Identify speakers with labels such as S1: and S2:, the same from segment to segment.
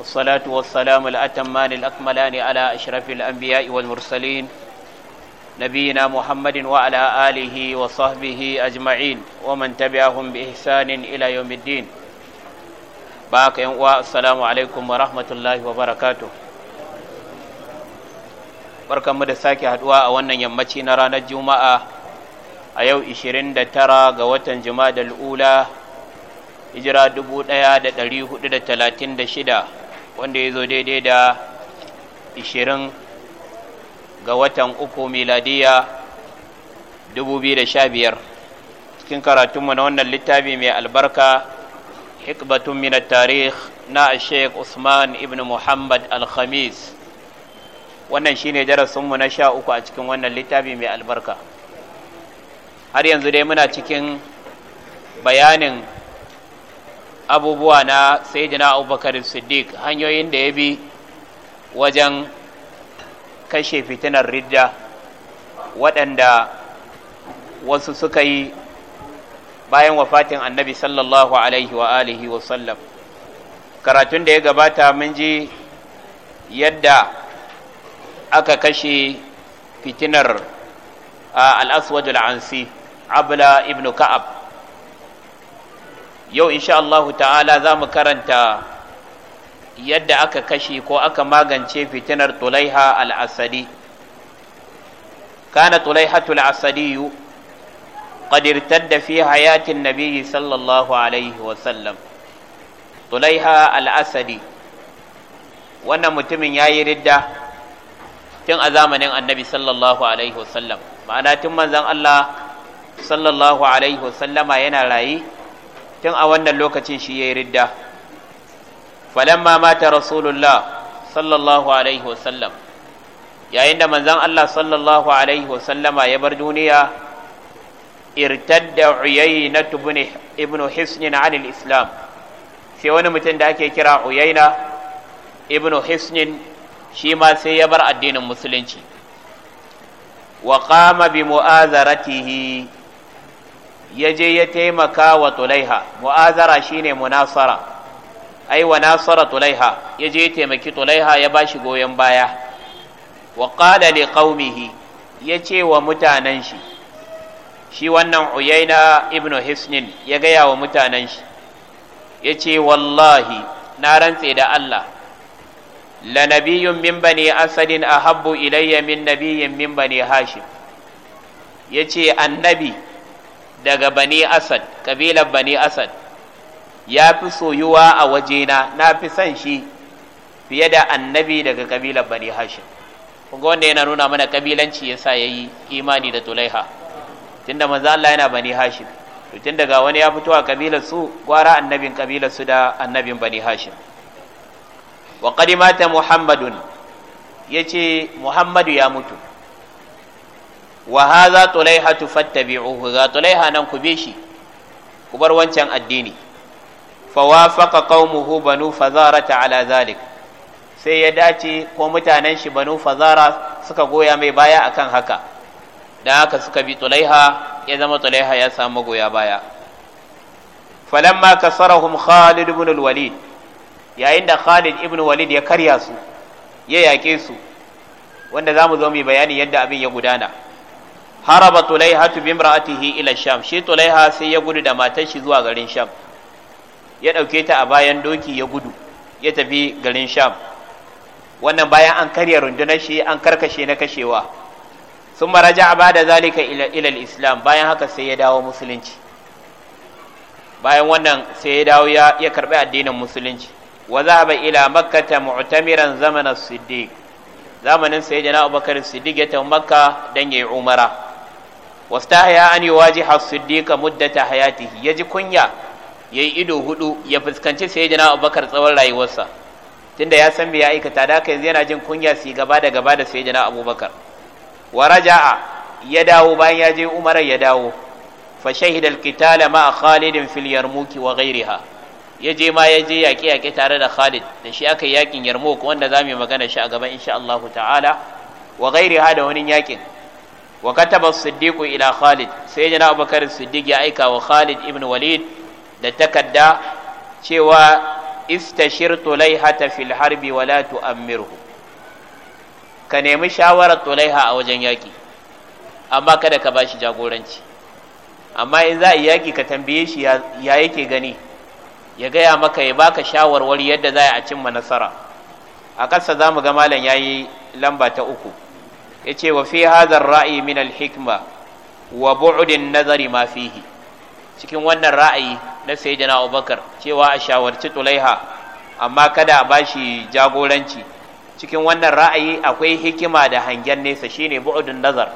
S1: والصلاة والسلام الأتمان الأكملان على أشرف الأنبياء والمرسلين نبينا محمد وعلى آله وصحبه أجمعين ومن تبعهم بإحسان إلى يوم الدين باك السلام عليكم ورحمة الله وبركاته barkan mu da sake haduwa a wannan yammaci na ranar juma'a a yau 29 ga watan juma'a da al'ula hijira 1436 wanda ya zo daidai da 20 ga watan uku miladiya 2015 cikin karatunmu na wannan littafi mai albarka hikbatun mina tarih na sheik usman ibn muhammad al-khamis wannan shine darasinmu na sha uku a cikin wannan littafi mai albarka har yanzu dai muna cikin bayanin abubuwa na sayyidina abubakar siddiq hanyoyin da ya bi wajen kashe fitinar ridda waɗanda wasu suka yi bayan wafatin annabi sallallahu alaihi wa alihi wa sallam karatun da ya gabata mun ji yadda aka kashe fitinar al-aswad al-ansi abla ibn ka'ab yau insha ta'ala za mu karanta yadda aka kashe ko aka magance fitinar tulaiha al’asadi kana tulaihatu al’asadi yu ƙadirtar da fi hayatin nabihi sallallahu alaihi wasallam tulaiha al’asadi wannan mutumin ya yi ridda tun a zamanin annabi sallallahu alaihi wasallam ma'ana tun manzan Allah sallallahu alaihi wasallama yana raye. tun a wannan lokacin shi ya yi ridda falamma mata rasulullah sallallahu alaihi wasallam yayin da manzan Allah sallallahu alaihi wasallama ya bar duniya irtadda uyayna ibn hisnin anil islam sai wani mutum da ake kira uyayna ibn hisnin shi ma sai ya bar addinin musulunci wa qama bi mu'azaratihi ya je ya taimaka wa tulaiha mu'azara shine munasara ai wa nasara tulaiha ya je ya taimaki tulaiha ya bashi goyon baya wa qala li qaumihi ya ce wa mutanen shi shi wannan uyaina ibnu hisnin ya gaya wa mutanen shi ya ce wallahi na rantse da Allah la nabiyyun min bani asadin ahabbu ilayya min nabiyyin min bani hashim ya ce annabi daga bani asad kabilar bani asad ya fi soyuwa a wajena na fi son shi fiye da annabi daga kabilar bani hashim kunga wanda yana nuna mana kabilanci ya yi imani da tulaiha tunda manzo Allah yana bani hashim to tun daga wani ya fito a kabilar su gwara annabin kabilar su da annabin bani hashim wa qadimata muhammadun yace muhammadu ya mutu wa haza tulaiha tufattabi'uhu ga tulaiha nan ku bi shi ku bar wancan addini fa wafaqa qaumuhu banu fazarata ala zalik sai ya dace ko mutanen shi banu fazara suka goya mai baya akan haka Dan haka suka bi tulaiha ya zama tulaiha ya samu goya baya falamma kasarahum khalid ibn al-walid yayin da khalid ibn walid ya karya su ya yake su wanda zamu zo mu bayani yadda abin ya gudana haraba tulaiha tu bi imra'atihi ila sham shi tulaiha sai ya gudu da matar shi zuwa garin sham ya dauke ta a bayan doki ya gudu ya tafi garin sham wannan bayan an karya rundunar shi an karkashe na kashewa sun maraja ba da zalika ila islam bayan haka sai ya dawo musulunci bayan wannan sai ya dawo ya karbi addinin musulunci wa zahaba ila makkata mu'tamiran zamanin siddiq zamanin sayyidina abubakar siddiq ya tafi makka dan yayi umara wastahya an yuwajiha as-siddiq muddata hayatihi yaji kunya yayi ido hudu ya fuskanci sayyidina Abubakar tsawon rayuwarsa tunda ya san me ya aikata da haka yanzu yana jin kunya su gaba da gaba da sayyidina Abubakar wa raja'a ya dawo bayan ya je Umar ya dawo fa shahida al-qitala ma Khalid fil Yarmuk wa ghayriha ya je ma yaje yake-yake tare da Khalid da shi aka yakin Yarmuk wanda zamu yi magana shi a gaba insha Allah ta'ala wa ghayriha da wani yakin. wa kataba siddiqu ila khalid sai jana abubakar siddiq ya aika wa khalid ibn walid da takadda cewa istashirtu ta fil harbi wa la tu'ammirhu ka nemi shawarar tulaiha a wajen yaki amma kada ka bashi jagoranci amma in za a yaki ka tambaye shi ya yake gani ya gaya maka ya baka shawarwari yadda za a cimma nasara a ƙasa za mu ga malam ya yi lamba ta uku Ya ce wa fi hadha ra'ayi min alhikma wa bu'din nazari ma fihi cikin wannan ra'ayi na sayyidina Abubakar cewa a shawarci Tulaiha amma kada a bashi jagoranci cikin wannan ra'ayi akwai hikima da hangen nesa shine bu'dun nazar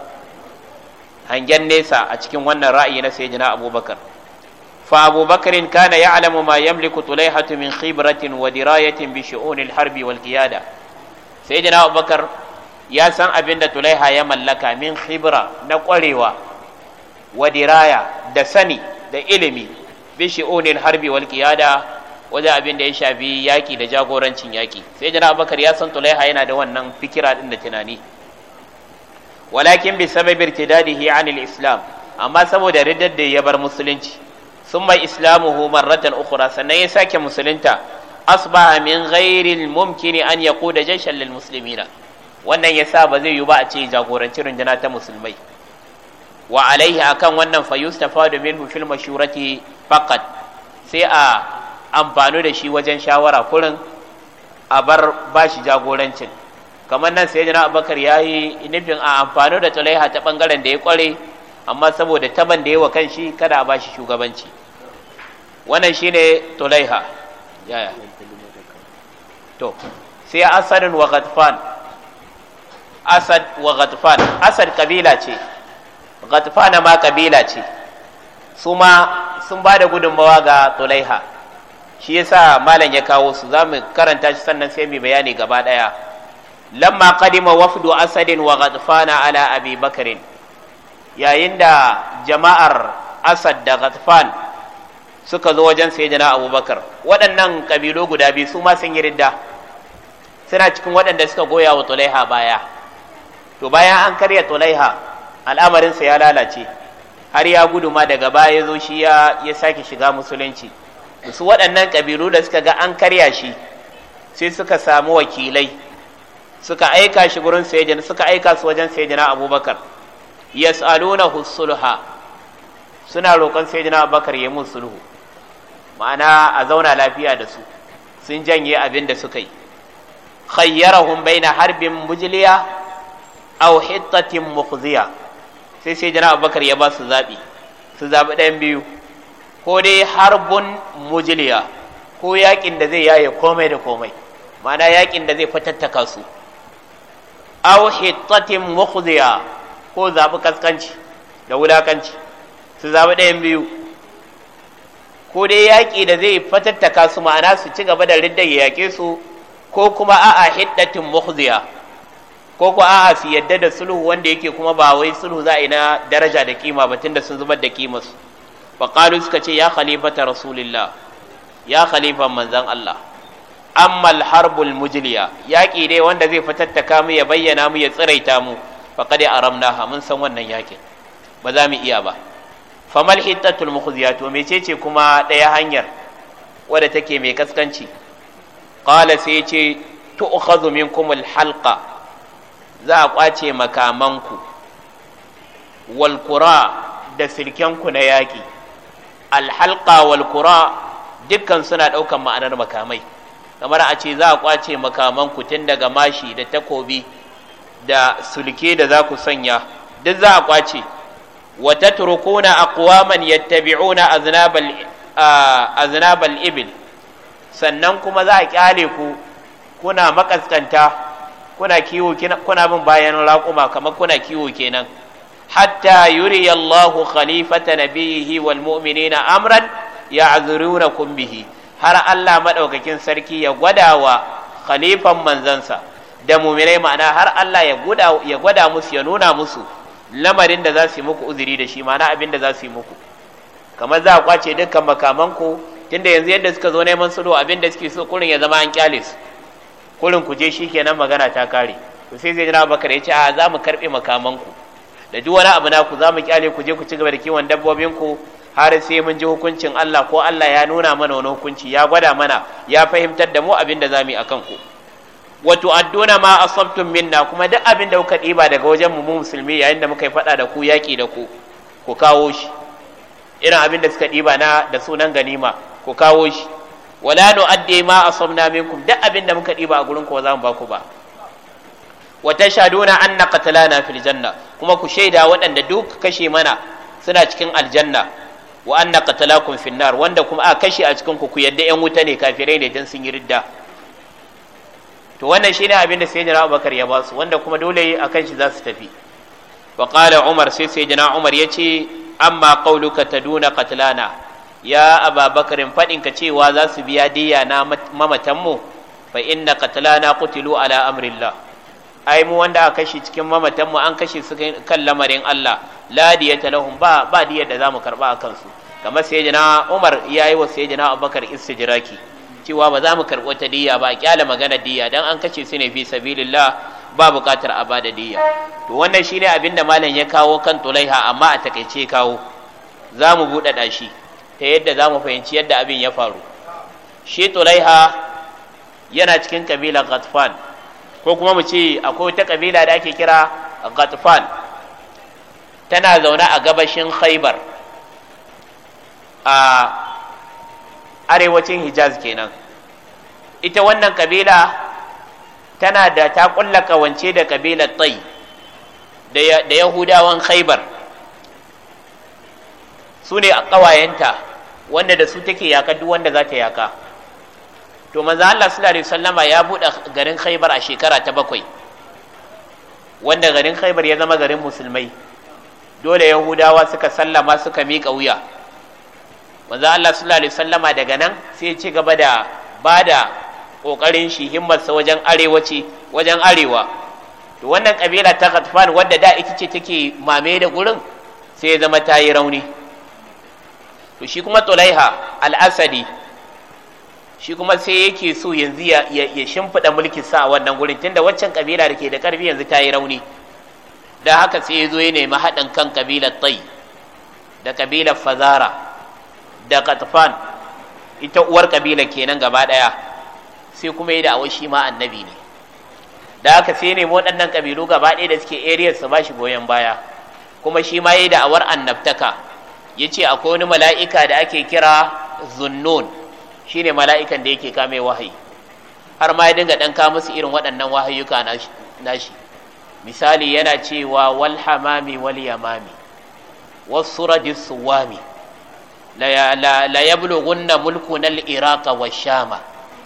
S1: hangen nesa a cikin wannan ra'ayi na sayyidina Abubakar fa Abubakarin kana ya'lamu ma yamliku Tulaiha min khibratin wa dirayatin bi shu'unil harbi wal qiyada sayyidina Abubakar ya san abin da tulaiha ya mallaka min khibra na ƙwarewa wa diraya da sani da ilimi bi shi'unil harbi wal qiyada wajen abin da ya shafi yaƙi da jagorancin yaƙi sai jana abubakar ya san tulaiha yana da wannan fikira din da tunani walakin bi sababi irtidadihi anil islam amma saboda riddar da ya bar musulunci mai islamuhu marratan ukhra sannan ya sake musulunta asbaha min ghairil mumkini an yaquda jayshan lil muslimina wannan ya sa ba zai yi ba a ce jagoranci rundunar ta musulmai wa alaihi akan wannan fa yustafadu minhu fil mashurati faqat sai a amfano da shi wajen shawara kurin a bar bashi jagorancin kamar nan sai jana abubakar ya yi nufin a amfano da tulaiha ta bangaren da ya kware amma saboda taban da yawa kan shi kada a bashi shugabanci wannan shine tulaiha yaya to sai asadun wa ghatfan asad wa ghatfan asad kabila ce ghatfana ma kabila ce su ma sun ba da gudunmawa ga tulaiha shi yasa malam ya kawo su za mu karanta shi sannan sai mu bayani gaba daya lamma qadima wafdu asadin wa ghatfana ala abi bakrin yayin da jama'ar asad da ghatfan suka zo wajen sayyidina abubakar waɗannan kabilo guda biyu su ma sun yi ridda suna cikin waɗanda suka goya wa tulaiha baya to bayan an karya tulaiha al'amarinsa ya lalace har ya gudu ma daga baya ya zo shi ya sake shiga musulunci su waɗannan ƙabilu da suka ga an karya shi sai suka samu wakilai suka aika shi gurin sayyidina suka aika su wajen sayyidina abubakar yas'aluna husulha suna roƙon sayyidina abubakar ya mun sulhu ma'ana a zauna lafiya da su sun janye abin da suka yi khayyarahum baina harbin mujliya aw hittatin mukhziya sai sai jana abubakar ya ba su zaɓi su zaɓi ɗayan biyu ko dai harbun mujiliya ko yaƙin da zai yaye komai da komai ma'ana yaƙin da zai fatattaka su aw hittatin mukhziya ko zaɓi kaskanci da wulakanci su zaɓi ɗayan biyu ko dai yaƙi da zai fatattaka su ma'ana su ci gaba da riddar yaƙe su ko kuma a'a hiddatin mukhziya ko ko a'a su yadda da sulhu wanda yake kuma ba wai sulhu za a na daraja da kima ba tunda sun zubar da kimarsu fa qalu suka ce ya khalifata rasulillah ya khalifan manzon Allah amma al-harbul mujliya yaki dai wanda zai fatattaka mu ya bayyana mu ya tsiraita mu faqad aramnaha mun san wannan yakin ba za mu iya ba famal hittatul mukhziyat to mecece kuma daya hanyar wadda take mai kaskanci qala sai ce tu'khadhu minkum al-halqa za a kwace makamanku walkura da sirkenku na yaƙi alhalka walkura dukkan suna ɗaukan ma'anar makamai kamar a ce za a kwace makamanku tun daga mashi da takobi da sulke da za ku sanya duk za a kwace wata turkuna aqwaman yattabi'una a Zinabal ibil sannan kuma za a kyale ku kuna makaskanta kuna kiwo kuna bin bayan raƙuma kamar kuna kiwo kenan hatta yuri Allahu khalifata nabiyihi wal mu'minina amran ya ya'zurunakum bihi har Allah madaukakin sarki ya gwadawa khalifan manzansa da mu'minai ma'ana har Allah ya gwada ya gwada musu ya nuna musu lamarin da za su yi muku uzuri da shi ma'ana abin da za su yi muku kamar za a kwace dukkan makamanku tunda yanzu yadda suka zo neman sulhu abin da suke so kurin ya zama an kyale su kurin ku je shi kenan magana ta kare to sai zai jira bakar ya ce a za mu karɓe makamanku da duk wani abu naku za mu kyale ku je ku ci gaba da kiwon ku har sai mun ji hukuncin Allah ko Allah ya nuna mana wani hukunci ya gwada mana ya fahimtar da mu abin da za mu yi a kanku wato adduna ma asabtum minna kuma duk abin da kuka ɗiba daga wajen mu musulmi yayin da muka yi faɗa da ku yaƙi da ku ku kawo shi irin abin da suka ɗiba na da sunan ganima ku kawo shi wala nu'addi ma asabna minkum duk abinda muka diba a gurin ku ba za mu ba ku ba wa tashhaduna anna qatalana fil janna kuma ku shaida waɗanda duk kashe mana suna cikin aljanna wa anna qatalakum fin nar wanda kuma a kashe a cikin ku ku yadda yan wuta ne kafirai ne dan sun yi ridda to wannan shine abin da sayyidina Abubakar ya ba su wanda kuma dole akan shi za su tafi wa qala Umar sai sayyidina Umar yace amma qauluka taduna qatlana ya ababakarin faɗin ka cewa za su biya diya na mamatanmu fa inna qatlana qutilu ala amrillah ai mu wanda aka kashe cikin mamatanmu an kashe su kan lamarin Allah la diyata lahum ba ba diyar da zamu karba akan su kamar sayyidina Umar yayi wa sayyidina Abubakar istijraki cewa ba za mu ta diya ba kyala magana diya dan an kashe su ne fi sabilillah ba buƙatar a bada diya to wannan shine abinda malam ya kawo kan tulaiha amma a takaice kawo za mu buɗaɗa shi ta yadda za mu fahimci yadda abin ya faru shi tulaiha yana cikin kabilar ghatfan ko kuma mu ce akwai wata kabila da ake kira ghatfan tana zaune a gabashin khaibar a arewacin hijaz kenan ita wannan kabila tana da ta kulla kawance da kabilar tsai da yahudawan khaibar su ne ƙawayenta wanda da su take yaka duk wanda za ta yaka to manzo Allah sallallahu alaihi wasallama ya buɗe garin Khaibar a shekara ta bakwai wanda garin Khaibar ya zama garin musulmai dole Yahudawa suka sallama suka miƙa wuya manzo Allah sallallahu alaihi wasallama daga nan sai ya ci gaba da bada kokarin shi himmarsa wajen arewaci wajen arewa to wannan kabila ta Ghatfan wadda da ita ce take mame da gurin sai ya zama ta yi rauni to shi kuma tulaiha al-asadi shi kuma sai yake so yanzu ya, shimfiɗa mulkin sa a wannan gurin tunda waccan kabila da ke da ƙarfi yanzu ta yi rauni da haka sai ya zo ya nemi haɗin kan kabilar tai da kabilar fazara da katfan ita uwar kabilar kenan gaba ɗaya sai kuma ya da'awar shi ma annabi ne da haka sai ya nemi waɗannan kabilu gaba ɗaya da suke ariyar su ba shi goyon baya kuma shi ma ya yi da'awar annabtaka ya ce akwai wani mala'ika da ake kira zunnun shi ne mala'ikan da yake kame wahayi har ma ya dinga ɗan kama su irin waɗannan wahayuka nashi misali yana cewa wal hamami wal yamami wasu radis suwami la yablughunna mulkuna al-iraqa wa shama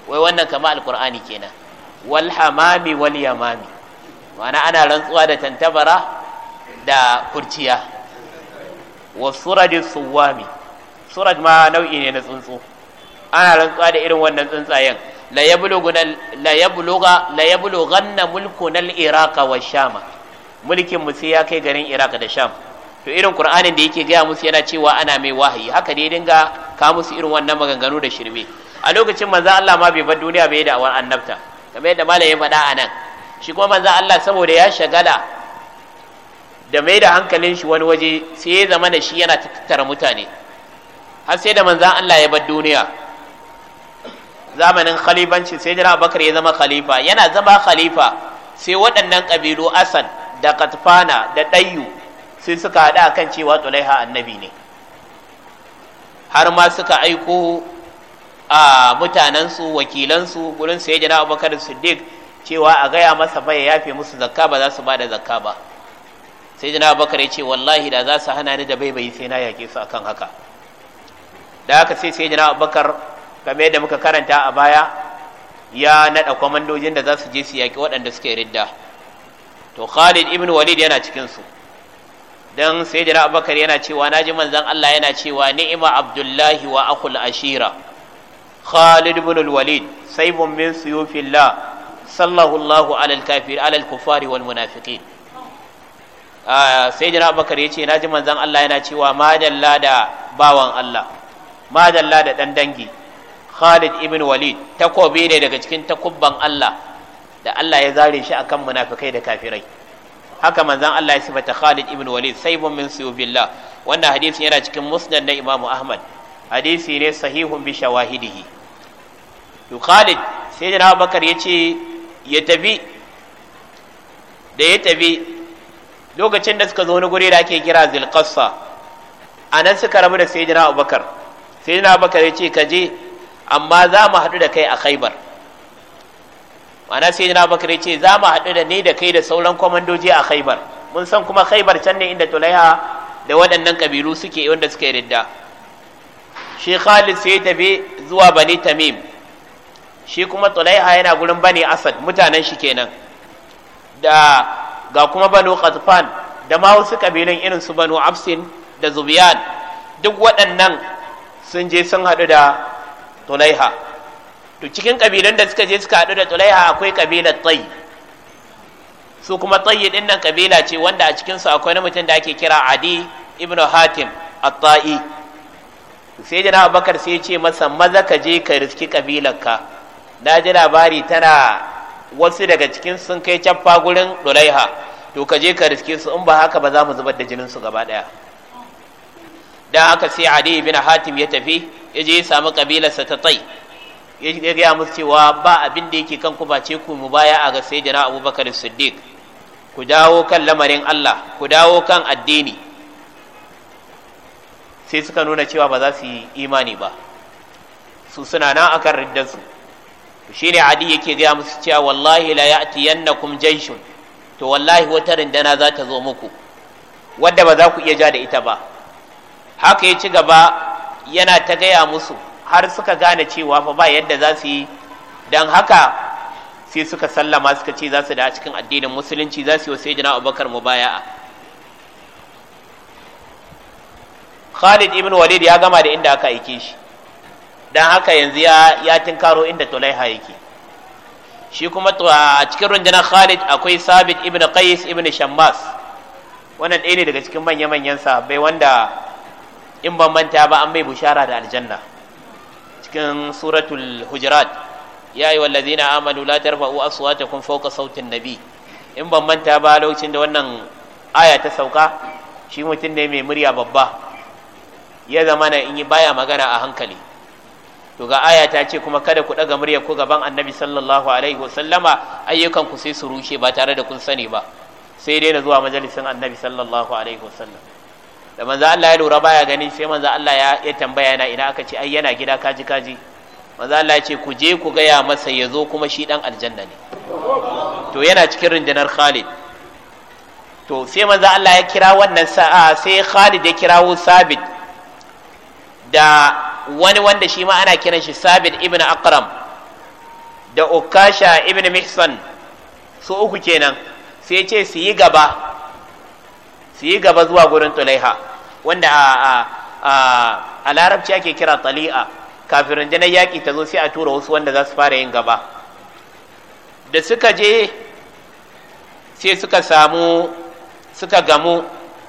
S1: wai wannan kama alkur'ani kenan wal hamami wal yamami ma'ana ana rantsuwa da tantabara da kurciya wa surajin suwami suraj ma nau'i ne na tsuntsu ana rantsuwa da irin wannan tsuntsayen la yabluga la yablughanna al-iraq wa shama mulkin mu sai ya kai garin iraq da sham to irin qur'anin da yake gaya musu yana cewa ana mai wahayi haka ne dinga ka musu irin wannan maganganu da shirme a lokacin manzo Allah ma bai bar duniya bai da annabta kamar yadda malamin faɗa anan shi kuma manzo Allah saboda ya shagala da mai da hankalin shi wani waje sai ya zama da shi yana tattara mutane har sai da manzan Allah ya bar duniya zamanin khalifanci sai jira bakar ya zama khalifa yana zama khalifa sai waɗannan ƙabilu asad da katfana da ɗayyu sai suka haɗa kan cewa tsulaiha annabi ne har ma suka aiko a mutanensu wakilansu gurin sai jira bakar siddiq cewa a gaya masa bai yafe musu zakka ba za su ba da zakka ba sai jina bakar ya ce wallahi da za su hana ni da baibayi sai na yaƙe su akan haka da haka sai sai jina bakar game yadda muka karanta a baya ya naɗa kwamandojin da za su je su yaƙi waɗanda suke ridda to khalid ibn walid yana cikinsu don sai jina yana cewa na ji manzan allah yana cewa ni'ima abdullahi wa akul ashira khalid ibn walid saibun min suyufillah sallallahu alal kafir alal kufari wal munafiqin sai jina bakar ya ce na ji manzan Allah yana cewa madalla da bawan Allah madalla da ɗan dangi Khalid ibn Walid takobi ne daga cikin takubban Allah da Allah ya zare shi akan munafikai da kafirai haka manzan Allah ya sifata Khalid ibn Walid saibun min suyubillah wannan hadisi yana cikin musnad na Imam Ahmad hadisi ne sahihun bi shawahidihi to Khalid sai jina bakar ya ce ya tafi da ya tafi. lokacin da suka zo wani guri da ake kira Zilkassa, a nan suka rabu da sayyidina abubakar sayyidina abubakar ya ce ka je amma za mu haɗu da kai a khaibar ma'ana sayyidina abubakar ya ce za mu haɗu da ni da kai da sauran kwamandoji a khaibar mun san kuma khaibar can ne inda tulaiha da waɗannan kabilu suke wanda suka yi ridda shi khalid sai tafi zuwa bani tamim shi kuma tulaiha yana gurin bani asad mutanen shi kenan da ga kuma banu qatfan da ma wasu kabilan irin su banu absin da zubiyan duk waɗannan sun je sun haɗu da tulaiha to cikin kabilan da suka je suka haɗu da tulaiha akwai kabilar tsayi su kuma tsayi ɗinnan nan kabila ce wanda a cikinsu akwai mutum da ake kira adi ibnu hatim at-ta'i sai jana Bakar sai ce masa maza ka je ka riski kabilanka na ji labari tana wasu daga cikin sun kai caffa gurin ɗuraiha to ka je ka riske su in ba haka ba za mu zubar da jinin su gaba ɗaya dan aka sai Ali bin Hatim ya tafi ya je ya samu kabilarsa ta Tai ya gaya musu cewa ba abin da yake kan ku ba ce ku mu baya a ga sayyidina Abubakar Siddiq ku dawo kan lamarin Allah ku dawo kan addini sai suka nuna cewa ba za su yi imani ba su suna nan akan riddarsu shine adi yake gaya musu cewa wallahi la ya'tiyannakum jayshun to wallahi wata rindana za ta zo muku wadda ba za ku iya ja da ita ba haka ya ci gaba yana ta gaya musu har suka gane cewa fa ba yadda za su yi don haka sai suka sallama suka ce za su da cikin addinin musulunci za su yi wasu jina abubakar baya. khalid ibn walid ya gama da inda aka aike shi don haka yanzu ya ya tinkaro inda tulaiha yake shi kuma a cikin rundunar khalid akwai sabit ibn qais ibn shammas wannan ɗaya ne daga cikin manya-manyan sahabbai wanda in ban manta ba an bai bushara da aljanna cikin suratul hujurat ya yi wallazina amanu la tarfa'u kun fawqa sautin nabi in ban manta ba lokacin da wannan aya ta sauka shi mutum ne mai murya babba ya zama na in yi baya magana a hankali to ga aya ta ce kuma kada ku ɗaga murya ku gaban annabi sallallahu alaihi wasallama ayyukan ku sai su rushe ba tare da kun sani ba sai dai na zuwa majalisin annabi sallallahu alaihi wasallam da manzo Allah ya lura baya gani sai manzo Allah ya ya tambaya na ina aka ce ai yana gida kaji kaji manzo Allah ya ce ku je ku gaya masa ya zo kuma shi dan aljanna ne to yana cikin rundunar Khalid to sai manzo Allah ya kira wannan sa'a sai Khalid ya kirawo Sabit da wani wanda shi ma ana kiran shi sabit ibn akram da ukasha ibn mihsan su uku kenan sai ce su yi gaba su yi gaba zuwa gurin tulaiha wanda a larabci ake kira tali'a kafin rundunar yaƙi ta zo sai a tura wasu wanda za su fara yin gaba da suka je sai suka samu suka gamu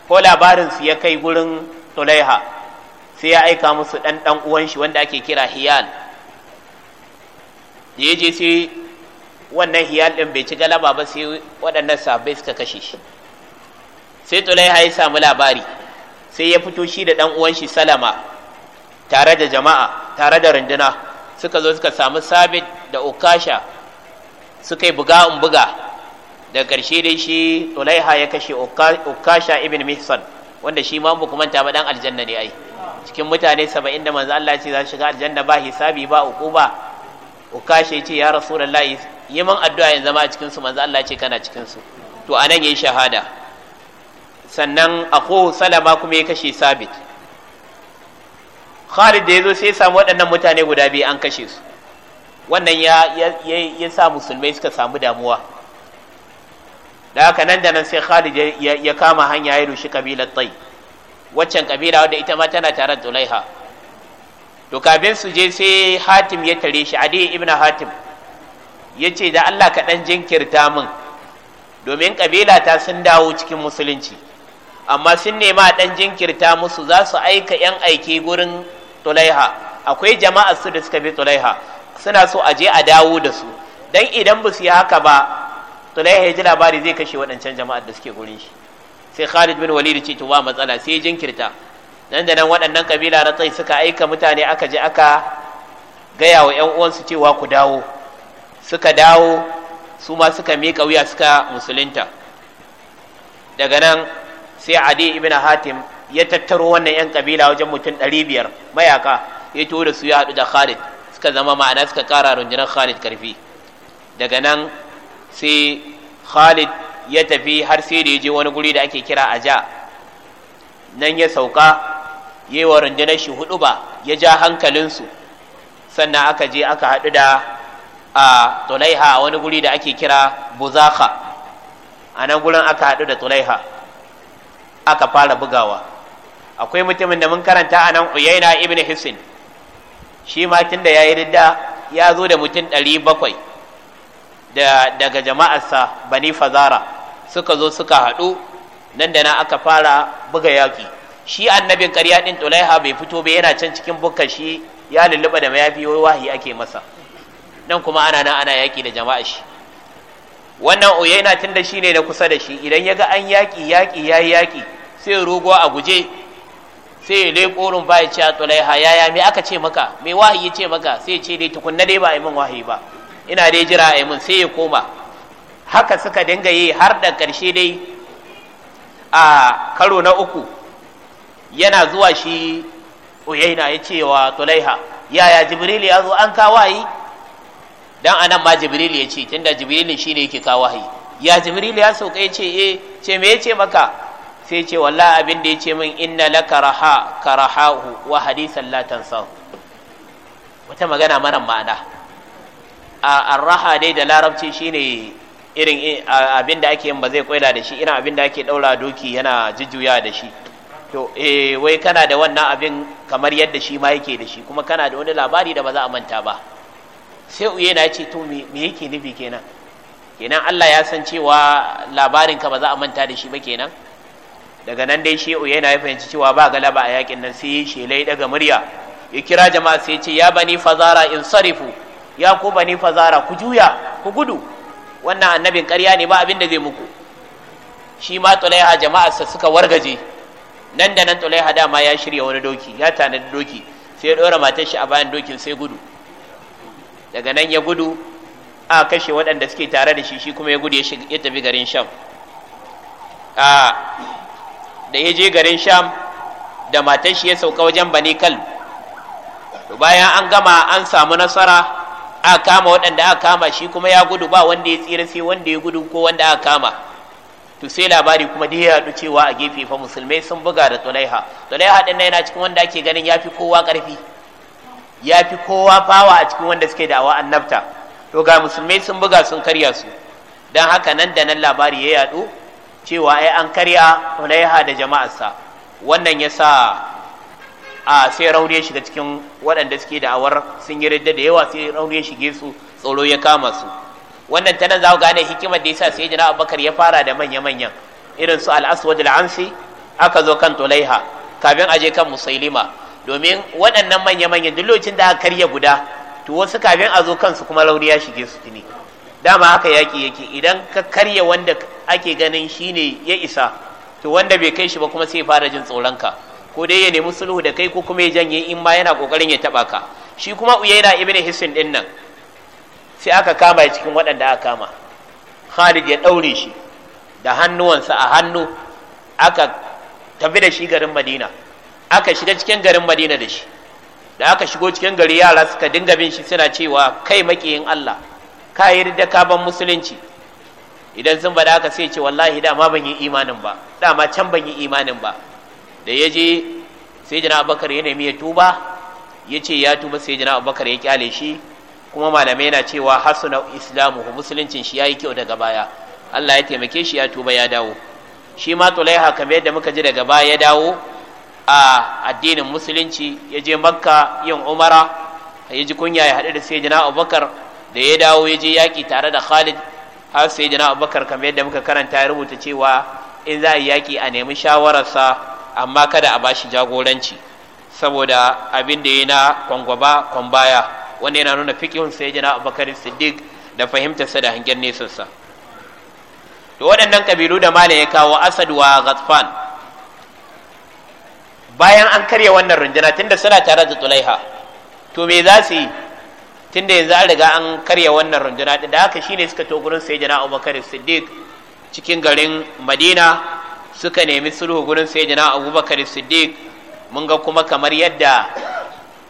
S1: ko labarinsu ya kai gurin tulaiha sai ya aika musu ɗan ɗan uwan shi wanda ake kira hiyal da ya je sai wannan hiyal ɗin bai ci galaba ba sai waɗannan sabai suka kashe shi sai tulai ya samu labari sai ya fito shi da ɗan uwan shi salama tare da jama'a tare da runduna suka zo suka samu sabit da okasha suka yi buga in buga da ƙarshe dai shi tulaiha ya kashe okasha ibn mihsan wanda shi ma ba dan aljanna ne ai cikin mutane saba'in da manzo Allah ce za su shiga aljanna ba hisabi ba uku uquba ukashe ce ya rasulullahi yi man addu'a in zama a cikin su manzo Allah ce kana cikin su to anan yayi shahada sannan akhu salama kuma ya kashe sabit Khalid da yazo sai ya samu waɗannan mutane guda biyu an kashe su wannan ya sa musulmai suka samu damuwa da haka nan da nan sai Khalid ya kama hanya ya rushi kabilar Tayyib waccan kabila wadda ita ma tana tare da Zulaiha to kafin su je sai Hatim ya tare shi Adi ibn Hatim yace da Allah ka dan jinkirta min domin kabila ta sun dawo cikin musulunci amma sun nema dan jinkirta musu za su aika yan aiki gurin Tulaiha akwai jama'a su da suka bi Tulaiha suna so a je a dawo da su dan idan ba su yi haka ba Tulaiha ya ji labari zai kashe waɗancan jama'ar da suke gurin shi sai Khalid bin Walid ce to ba matsala sai jinkirta nan da nan waɗannan kabila na tsai suka aika mutane aka je aka gaya wa ƴan uwansu cewa ku dawo suka dawo su ma suka miƙa wuya suka musulunta daga nan sai Adi ibn Hatim ya tattaro wannan ƴan kabila wajen mutum ɗari biyar mayaka ya tuwo da su ya haɗu da Khalid suka zama ma'ana suka ƙara rundunar Khalid karfi daga nan sai Khalid ya tafi har sai da ya je wani guri da ake kira a ja. nan ya sauka ya yi wa rundunar shi hudu ba ya ja hankalinsu sannan aka je aka haɗu da a tulaiha a wani guri da ake kira buzaka a nan gurin aka haɗu da tulaiha aka fara bugawa akwai mutumin da mun karanta a nan uyaina ibn hisin shi ma tun da ya yi ridda ya zo da mutum ɗari bakwai daga jama'arsa bani fazara suka zo suka haɗu nan da nan aka fara buga yaƙi shi annabin ƙarya ɗin tulaiha bai fito ba yana can cikin bukka shi ya lulluɓa da mayafi wai wahi ake masa nan kuma ana nan ana yaƙi da jama'a shi wannan uyaina tun da shi ne na kusa da shi idan ya ga an yaƙi yaƙi ya yi yaƙi sai ya rogo a guje sai ya leƙo ba ya ce a tulaiha yaya me aka ce maka me wahayi ya ce maka sai ya ce dai tukunna dai ba a yi min wahayi ba ina dai jira a yi min sai ya koma haka suka dinga yi har da ƙarshe dai a karo na uku yana zuwa shi uyaina ya ce wa tulaiha yaya jibril ya zo an kawo Don dan anan ma jibril ya ce tunda shi ne yake kawo ya jibril ya sauka ya ce e? ce me ya ce maka sai ce wallahi abin da ya ce min inna la raha karahahu wa hadisan la wata magana mara ma'ana a arraha dai da larabci shine irin abin da ake yin ba zai kwaila da shi irin abin da ake daura doki yana jujjuya da shi to eh wai kana da wannan abin kamar yadda shi ma yake da shi kuma kana da wani labari da ba za a manta ba sai uye na ce to me yake nufi kenan kenan Allah ya san cewa labarin ka ba za a manta da shi ba kenan daga nan dai shi uye na ya fahimci cewa ba galaba a yakin nan sai shelai daga murya ya kira jama'a sai ya ce ya bani fazara in sarifu ya ku bani fazara ku juya ku gudu wannan annabin ƙarya ne ba abin da zai muku shi ma tulaiha jama'arsa suka wargaje nan da nan tulaiha dama ya shirya wani doki ya tanadi doki sai ya ɗora matar shi a bayan dokin sai gudu daga nan ya gudu a kashe waɗanda suke tare da shi shi kuma ya gudu ya tafi garin sham da ya je garin sham da matar shi ya sauka wajen bani kal bayan an gama an samu nasara a kama waɗanda aka kama shi kuma ya gudu ba wanda ya tsira sai wanda ya gudu ko wanda aka kama to sai labari kuma da ya yaɗu cewa a gefe fa musulmai sun buga da tulaiha tulaiha ɗin yana cikin wanda ake ganin ya fi kowa ƙarfi ya fi kowa fawa a cikin wanda suke da'awa annabta to ga musulmai sun buga sun karya su don haka nan da nan labari ya yaɗu cewa ai an karya tulaiha da jama'arsa wannan ya sa a sai rauni shi shiga cikin waɗanda suke da awar sun yi da yawa sai raure shi shige su tsoro ya kama su wannan ta nan za ku gane hikimar da yasa sai jina abubakar ya fara da manya-manyan irin su al'aswad al'amsi aka zo kan tulaiha kafin aje kan musailima domin waɗannan manya-manyan duk lokacin da aka karya guda to wasu kafin a zo kansu kuma raure ya shige su tuni dama haka yaki yake idan ka karya wanda ake ganin shine ya isa to wanda bai kai shi ba kuma sai fara jin tsoronka ko dai ya nemi sulhu da kai ko kuma ya janye in ma yana kokarin ya taba ka shi kuma uyaina ibn hisin din nan sai aka kama ya cikin waɗanda aka kama Khalid ya daure shi da hannuwansa a hannu aka tafi da shi garin Madina aka shiga cikin garin Madina da shi da aka shigo cikin gari yara suka dinga bin shi suna cewa kai makiyin Allah ka yi da kaban musulunci idan sun bada aka sai ce wallahi dama ban yi imanin ba dama can ban yi imanin ba da ya je sai jana abubakar ya nemi ya tuba ya ce ya tuba sai jana abubakar ya kyale shi kuma malamai yana cewa hasuna islamu musuluncin shi ya yi kyau daga baya allah ya taimake shi ya tuba ya dawo shi ma tulaiha kamar yadda muka ji daga baya ya dawo a addinin musulunci ya je makka yin umara ya ji kunya ya haɗu da sai jana abubakar da ya dawo ya je yaƙi tare da khalid har sai jana abubakar kamar yadda muka karanta ya rubuta cewa in za a yi yaƙi a nemi shawararsa amma kada a bashi jagoranci saboda abin da ya na kwangwaba kwambaya wanda yana nuna fikihun sai jana abubakar siddiq da fahimtarsa da hangen nesansa to waɗannan kabilu da mala ya kawo asad wa gatfan bayan an karya wannan rundunar tunda suna tare da tulaiha to me za su yi tunda yanzu an riga an karya wannan rundunar da haka shine suka to gurin sai jana abubakar siddiq cikin garin madina suka nemi sulhu gurin sayyidina bakar siddiq mun ga kuma kamar yadda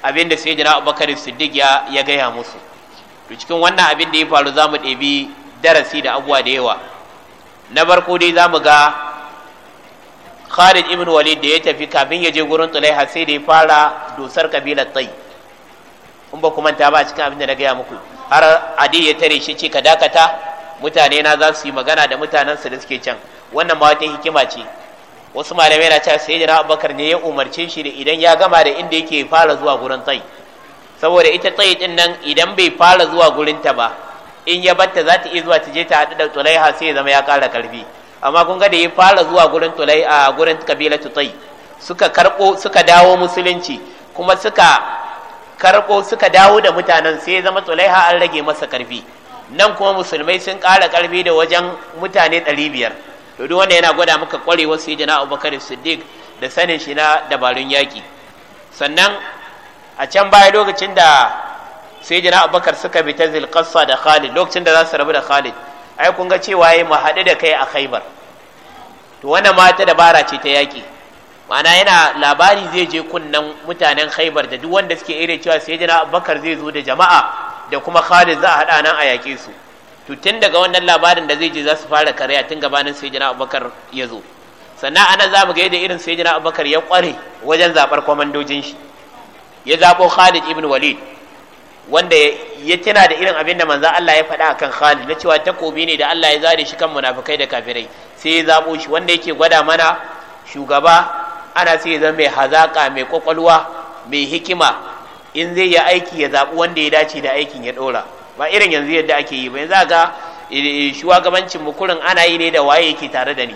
S1: abin da sayyidina bakar siddiq ya ya gaya musu to cikin wannan abin da ya faru zamu ɗebi darasi da abuwa da yawa na farko dai zamu ga Khalid ibn Walid da ya tafi kafin ya je gurin Tulaiha sai da ya fara dusar kabilar Tai in ba kuma ta ba cikin abin da na gaya muku har adi ya tare shi ce ka dakata mutane na za su yi magana da mutanen su da suke can wannan ma wata hikima ce wasu malamai na cewa sai jira abubakar ne ya umarce shi da idan ya gama da inda yake fara zuwa gurin tsayi saboda ita tsayi din nan idan bai fara zuwa gurin ta ba in ya batta za ta iya zuwa ta je ta haɗu da tulaiha sai ya zama ya ƙara karfi amma kun ga da ya fara zuwa gurin tulai a gurin kabilatu tsayi suka karɓo suka dawo musulunci kuma suka karɓo suka dawo da mutanen sai ya zama tulaiha an rage masa karfi nan kuma musulmai sun ƙara karfi da wajen mutane ɗari biyar to duk wanda yana gwada maka kwarewar sayyidina Abubakar Siddiq da sanin shi na dabarun yaki sannan a can baya lokacin da sayyidina Abubakar suka bi ta Zilqassa da Khalid lokacin da za su rabu da Khalid ai kun ga cewa yi mu haɗu da kai a Khaibar to wannan ma ta dabara ce ta yaki ma'ana yana labari zai je kunnan mutanen khaibar da duk wanda suke iri cewa sai jina abubakar zai zo da jama'a da kuma khalid za a haɗa nan a yaƙe su to tun daga wannan labarin da zai je za su fara karya tun gabanin jina abubakar ya zo sannan ana za mu ga yadda irin jina abubakar ya kware wajen zaɓar kwamandojin shi ya zaɓo khalid ibn walid wanda ya tuna da irin abin da manzan Allah ya faɗa akan khalid na cewa takobi ne da Allah ya zare shi kan munafukai da kafirai sai ya zaɓo shi wanda yake gwada mana shugaba ana sai ya zama mai hazaƙa, mai kwakwalwa mai hikima in zai yi aiki ya zaɓi wanda ya dace da aikin ya ɗora ba irin yanzu yadda ake yi ba yanzu ga eh, eh, shugabancin mukurin kurin ana yi ne da waye yake tare da ni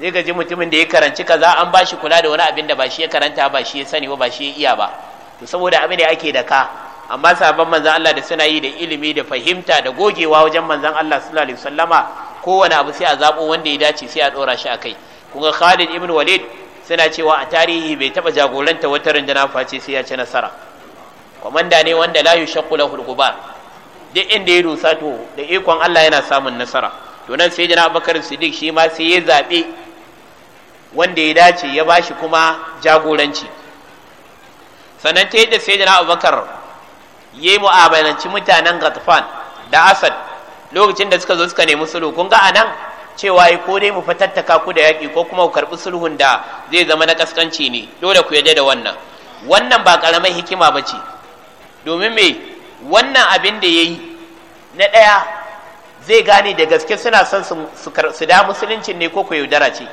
S1: zai gaji mutumin da ya karanci kaza an ba shi kula da wani abin da ba shi ya karanta ba shi ya sani ba ba shi ya iya ba to saboda abin da ake da ka amma sabon manzan Allah da suna yi da ilimi da fahimta da gogewa wajen manzan Allah sallallahu alaihi wasallama kowane abu sai a zabo wanda ya dace sai a dora shi akai kun ga Khalid ibn Walid suna cewa a tarihi bai taba jagoranta wata rundunar face sai ya ci nasara kwamanda ne wanda la yushaqqu lahu al-ghubar duk inda ya dosa to da ikon Allah yana samun nasara to nan sai jana Abubakar Siddiq shi ma sai ya zaɓe wanda ya dace ya bashi kuma jagoranci sannan ta yadda sai jana Abubakar ya yi mu'amalanci mutanen Ghatfan da Asad lokacin da suka zo suka nemi sulhu kun ga anan cewa ya ko dai mu fatattaka ku da yaki, ko kuma ku karɓi sulhun da zai zama na kaskanci ne dole ku yarda da wannan wannan ba ƙaramar hikima ba ce domin me wannan abin da ya yi na ɗaya zai gane da gaske suna son su da musuluncin ne ko ku yaudara ce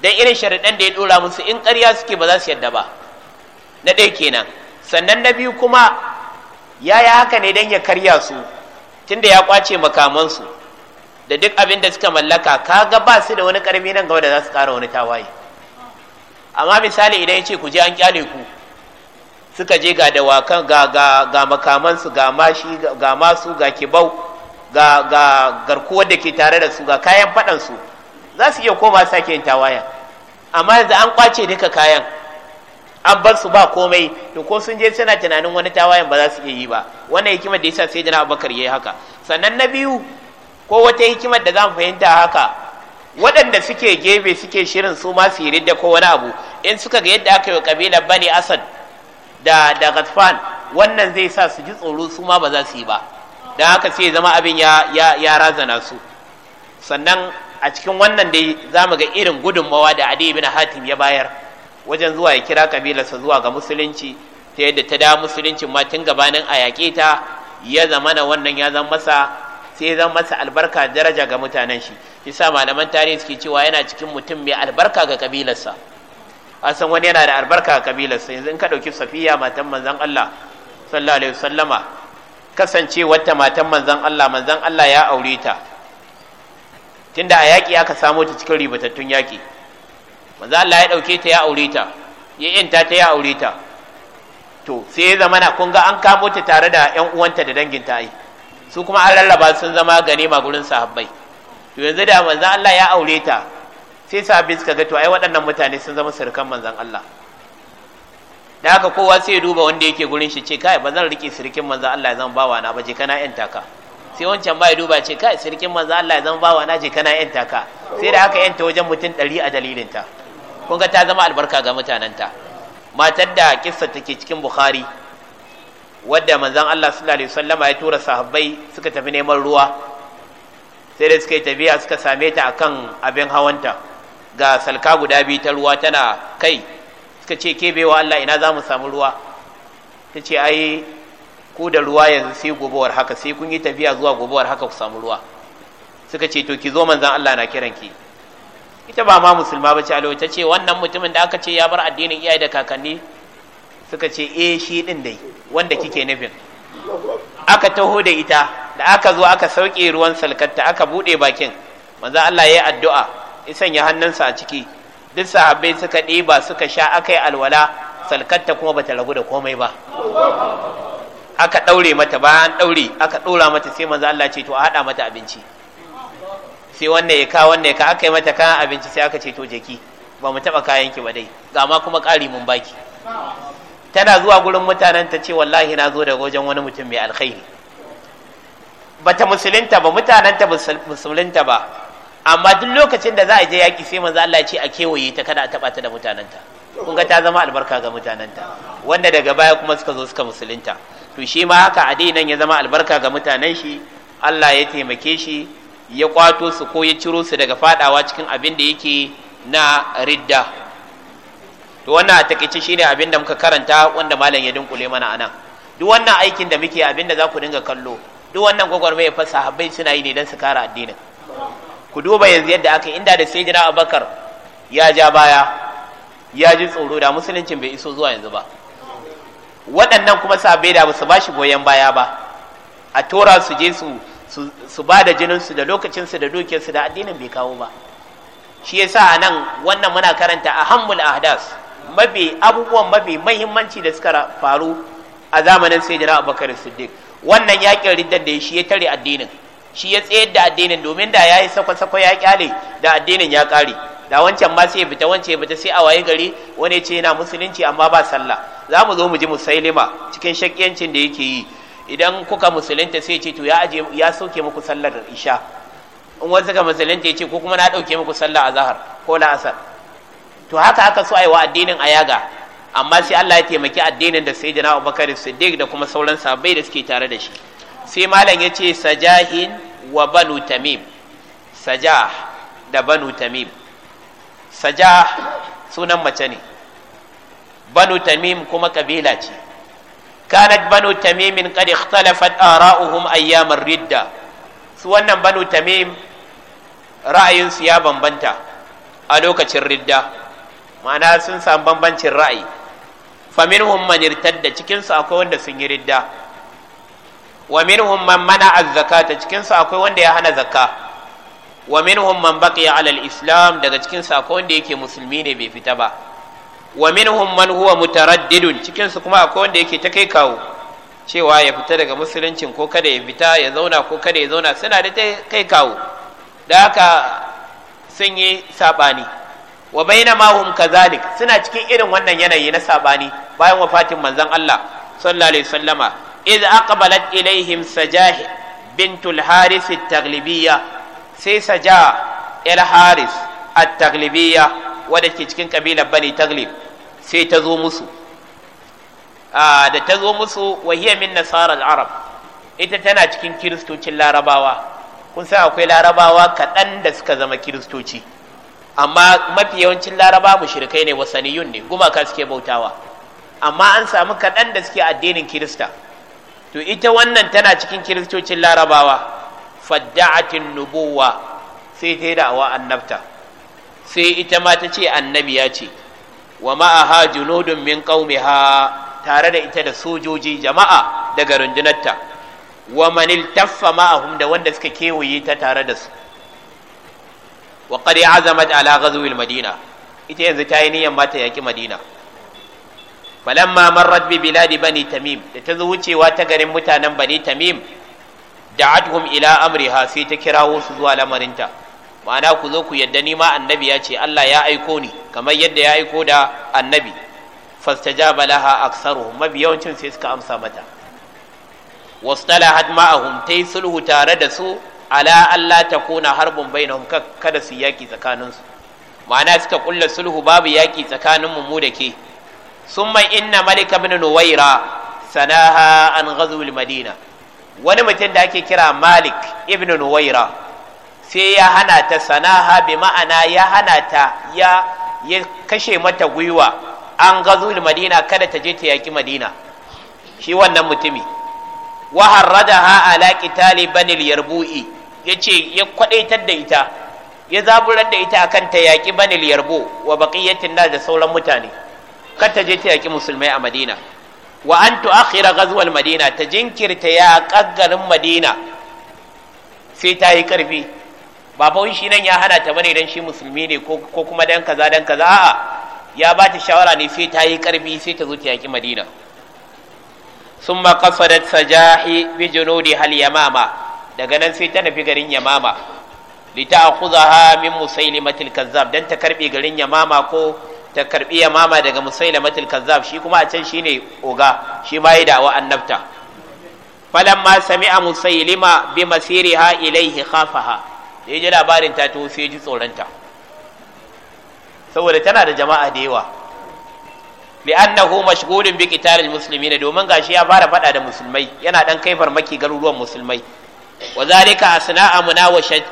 S1: don irin sharaɗan da ya ɗora musu in ƙarya suke ba za su yadda ba na ɗaya kenan sannan na biyu kuma ya yi haka ne don ya karya su tunda ya ƙwace makamansu da duk abin da suka mallaka kaga ba su da wani ƙarfi nan gaba da za su ƙara wani tawaye amma misali idan ya ce ku je an ƙyale ku suka je ga dawakan ga ga ga makamansu ga mashi ga masu ga kibau ga garkuwar da ke tare da su ga kayan faɗansu za su iya koma sake yin tawaya amma yanzu an kwace duka kayan an bar su ba komai to ko sun je suna tunanin wani tawayan ba za su iya yi ba wannan hikimar da yasa sai jana abubakar ya yi haka sannan na biyu ko wata hikimar da za mu fahimta haka waɗanda suke gefe suke shirin su ma su yi da ko wani abu in suka ga yadda aka yi wa kabilar bani asad da da gatfan wannan zai sa su ji tsoro su ma ba za su yi ba don haka sai zama abin ya ya ya razana su sannan a cikin wannan dai za mu ga irin gudunmawa da adi ibn hatim ya bayar wajen zuwa ya kira kabilarsa zuwa ga musulunci ta yadda ta da musuluncin ma tun gabanin a yaƙe ta ya zama na wannan ya zama masa sai zan masa albarka daraja ga mutanen shi yasa malaman tarihi suke cewa yana cikin mutum mai albarka ga kabilarsa an san wani yana da albarka a kabilarsa yanzu in ka ɗauki safiya matan manzan Allah sallallahu alaihi wasallama kasance wata matan manzan Allah manzan Allah ya aure ta tunda a yaƙi aka samo ta cikin ribatattun yaƙi manzan Allah ya ɗauke ta ya aure ta ya yanta ta ya aure ta to sai ya zama na kun ga an kamo ta tare da ƴan uwanta da danginta ai su kuma an rarraba sun zama ganima gurin sahabbai to yanzu da manzan Allah ya aure ta sai sahabbai suka ga to ai waɗannan mutane sun zama surukan manzan Allah da haka kowa sai ya duba wanda yake gurin shi ce kai ba zan rike sirkin manzan Allah ya zama bawa na ba je kana yan taka sai wancan ba ya duba ce kai sirkin manzan Allah ya zama bawa na je kana yan taka sai da haka yanta wajen mutum ɗari a dalilin ta kun ga ta zama albarka ga ta matar da kissa take cikin bukhari wadda manzan Allah sallallahu alaihi wasallama ya tura sahabbai suka tafi neman ruwa sai da suka yi tafiya suka same ta akan abin hawanta ga salka guda biyu ta ruwa tana kai suka ce ke Allah ina za mu samu ruwa ta ce ai ku da ruwa yanzu sai gobowar haka sai kun yi tafiya zuwa gobowar haka ku samu ruwa suka ce to ki zo manzan Allah na kiran ki ita ba ma musulma ba ce alawi ta ce wannan mutumin da aka ce ya bar addinin iyaye da kakanni suka ce eh shi din dai wanda kike nufin aka taho da ita da aka zo aka sauke ruwan salkatta aka bude bakin manzan Allah ya yi addu'a ya sanya hannunsa a ciki duk sahabbai suka ɗiba suka sha aka yi alwala salkatta kuma bata ragu da komai ba aka ɗaure mata bayan ɗaure aka ɗora mata sai manzo Allah ce to a haɗa mata abinci sai wannan ya ka wannan ya ka aka yi mata kayan abinci sai aka ce to jeki ba mu taɓa kayan ki ba dai ga ma kuma ƙari mun baki tana zuwa gurin mutanen ta ce wallahi na zo daga wajen wani mutum mai alkhairi bata musulunta ba mutanen ta musulunta ba amma duk lokacin da za a je yaƙi sai manzo Allah ce a kewaye ta kada a taɓa ta da mutanenta kun ga ta zama albarka ga mutanenta wanda daga baya kuma suka zo suka musulunta to shi ma haka adinan ya zama albarka ga mutanen shi Allah ya taimake shi ya kwato su ko ya ciro su daga fadawa cikin abin da yake na ridda to wannan a takaice shine abin da muka karanta wanda malam ya dinkule mana anan duk wannan aikin da muke abin da za ku dinga kallo duk wannan gwagwarmaya fa suna yi ne don su kara addinin ku duba yanzu yadda aka inda da sai jina abakar ya ja baya ya ji tsoro da musuluncin bai iso zuwa yanzu ba waɗannan kuma sabai da su ba shi goyon baya ba a tora su je su su ba da jininsu da lokacinsu da dukiyarsu da addinin bai kawo ba shi yasa a nan wannan muna karanta a hammul ahdas mafi abubuwan mafi mahimmanci da suka faru a zamanin sai jira abakar siddiq wannan yaƙin riddar da shi ya tare addinin shi ya tsayar da addinin domin da yayi sako-sako ya kyale da addinin ya kare da wancan ma sai fita wancan ya fita sai a waye gari wani ce yana musulunci amma ba sallah za mu zo mu ji musailima cikin shakkiyancin da yake yi idan kuka musulunta sai ce to ya aje ya soke muku sallar isha in wasu ka musulunta ya ce ko kuma na dauke muku sallah azhar ko la asar to haka aka so wa addinin ayaga amma sai Allah ya taimaki addinin da sayyidina Abubakar Siddiq da kuma sauran sahabbai da suke tare da shi sai malam ya ce sajahin wa banu tamim sajah da banu tamim sajah sunan mace ne banu tamim kuma kabila ce kanat banu tamimin qad ikhtalafat ara'uhum ayyamar ridda su wannan banu tamim ra'ayinsu ya bambanta a lokacin ridda ma'ana sun samu bambancin ra'ayi faminhum man irtadda cikin su akwai wanda sun yi ridda wa minhum man mana'a zakata cikin su akwai wanda ya hana zakka wa minhum man baqiya 'ala al-islam daga cikin su akwai wanda yake musulmi ne bai fita ba wa minhum man huwa mutaraddidun cikin su kuma akwai wanda yake ta kai kawo cewa ya fita daga musuluncin ko kada ya fita ya zauna ko kada ya zauna suna da kai kawo da haka sun yi sabani wa baina ma hum kazalik suna cikin irin wannan yanayi na sabani bayan wafatin manzon Allah sallallahu alaihi wasallama إذ أقبلت إليهم سجاه بنت الحارث التغلبية سي سجا الحارث التغلبية ودك cikin قبيلة بني تغلب سي تزو آه da tazo musu wahiya min nasara arab ita tana cikin kiristocin larabawa kun san akwai larabawa kaɗan da suka zama kiristoci amma mafi yawancin laraba mushrikai ne wasaniyun ne gumaka suke bautawa amma an samu kaɗan da suke addinin kirista to ita wannan tana cikin kiristocin larabawa fadda'atin nubuwa sai ta yi da'awa annabta sai ita ma ta ce ya ce wa ma'aha junudun min ha tare da ita da sojoji jama'a daga rundunarta wa manil taffa ma'ahum da wanda suka kewaye ta tare da su wa qad azamat ala ghazwil madina ita yanzu ta yi niyyar ma ta yaki madina falamma marrat bi biladi bani tamim da ta wucewa ta garin mutanen bani tamim da'atuhum ila amriha sai ta kirawo su zuwa lamarinta ma'ana ku zo ku yadda ni ma annabi ya ce Allah ya aiko ni kamar yadda ya aiko da annabi fastajaba laha aktsaruhum mabiyawancin sai suka amsa mata wastalahat ma'ahum humtai sulhu tare da su ala Allah ta kona harbin bainahum kada su yaki tsakaninsu ma'ana suka kulla sulhu babu yaki tsakanin mu da ke Sun mai inna malik ibn nuwaira sanaha an ghazwil madina wani mutum da ake kira malik ibn nuwaira sai ya hana ta sanaha bi ma'ana ya hana ta ya kashe mata gwiwa an ghazwil madina kada ta je ta yaki madina shi wannan mutumi wa ha ala qitali bani yarbu'i yace ya kwadaitar da ita ya zaburar da ita akan ta yaki bani yarbu wa baqiyatin da sauran mutane kar ta je ta yaƙi musulmai a madina wa an tu'akhira ghazwal madina ta jinkirta ya kaggarin madina sai ta yi karfi ba fa shi nan ya hana ta bane dan shi musulmi ne ko kuma dan kaza dan kaza a'a ya ba ta shawara ne sai ta yi karfi sai ta zo ta yaƙi madina ثم قصدت سجاحي بجنودها اليمامة دغنا في تنفي غرين يمامة لتأخذها من kazzab dan ta تكربي garin yamama ko. ta karbi yamama daga musailamatul kazzab shi kuma a can shine oga shi ma yi da'awa annabta falamma sami'a musailima bi masiriha ilaihi khafaha da ya ji labarin ta to sai ji tsoronta saboda tana da jama'a da yawa annahu mashghulun bi qitalil muslimin domin gashi ya fara fada da musulmai yana dan kai farmaki garuruwan musulmai wa zalika asna'a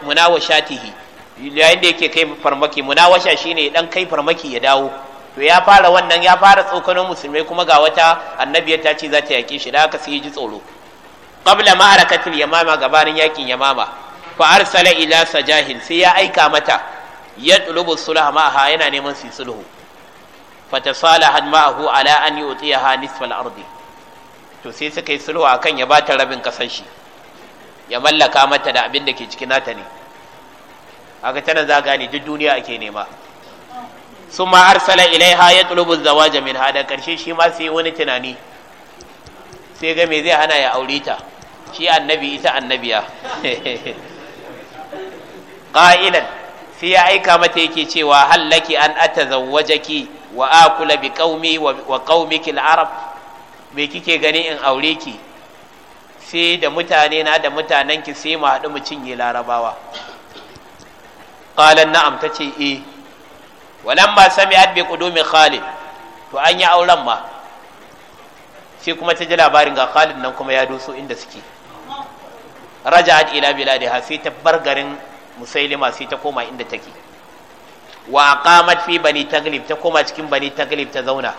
S1: munawashatihi yayin da yake kai farmaki munawasha shine dan kai farmaki ya dawo to ya fara wannan ya fara tsokanin musulmai kuma ga wata annabiyar ta ce za ta yaƙi shi da haka sai ji tsoro qabla ma'arakatil yamama gabanin yakin yamama fa arsala ila sajahin sai ya aika mata yatlubu sulha ma'aha yana neman su sulhu fatasalahat ma'ahu ala an yutiha nisfal ardi to sai suka yi sulhu akan ya bata rabin kasar shi ya mallaka mata da abin da ke cikin nata ne haka tana za gane duk duniya ake nema sun ma arsala ilaiha ya tulubu zawaja min hada karshe shi ma sai wani tunani sai ga me zai hana ya aure ta shi annabi ita annabiya Ƙa'ilan sai ya aika mata yake cewa hallaki an atazawwajaki wa akula bi qaumi wa qaumiki arab me kike gani in aure ki sai da mutane na da mutanenki sai mu haɗu mu cinye larabawa qalan na'am tace eh walamma sami'at bi qudumi khalid to an yi auren ma sai kuma ta ji labarin ga khalid nan kuma ya doso inda suke raja'at ila biladiha sai ta bar garin musailima sai ta koma inda take wa aqamat fi bani taglib ta koma cikin bani taglib ta zauna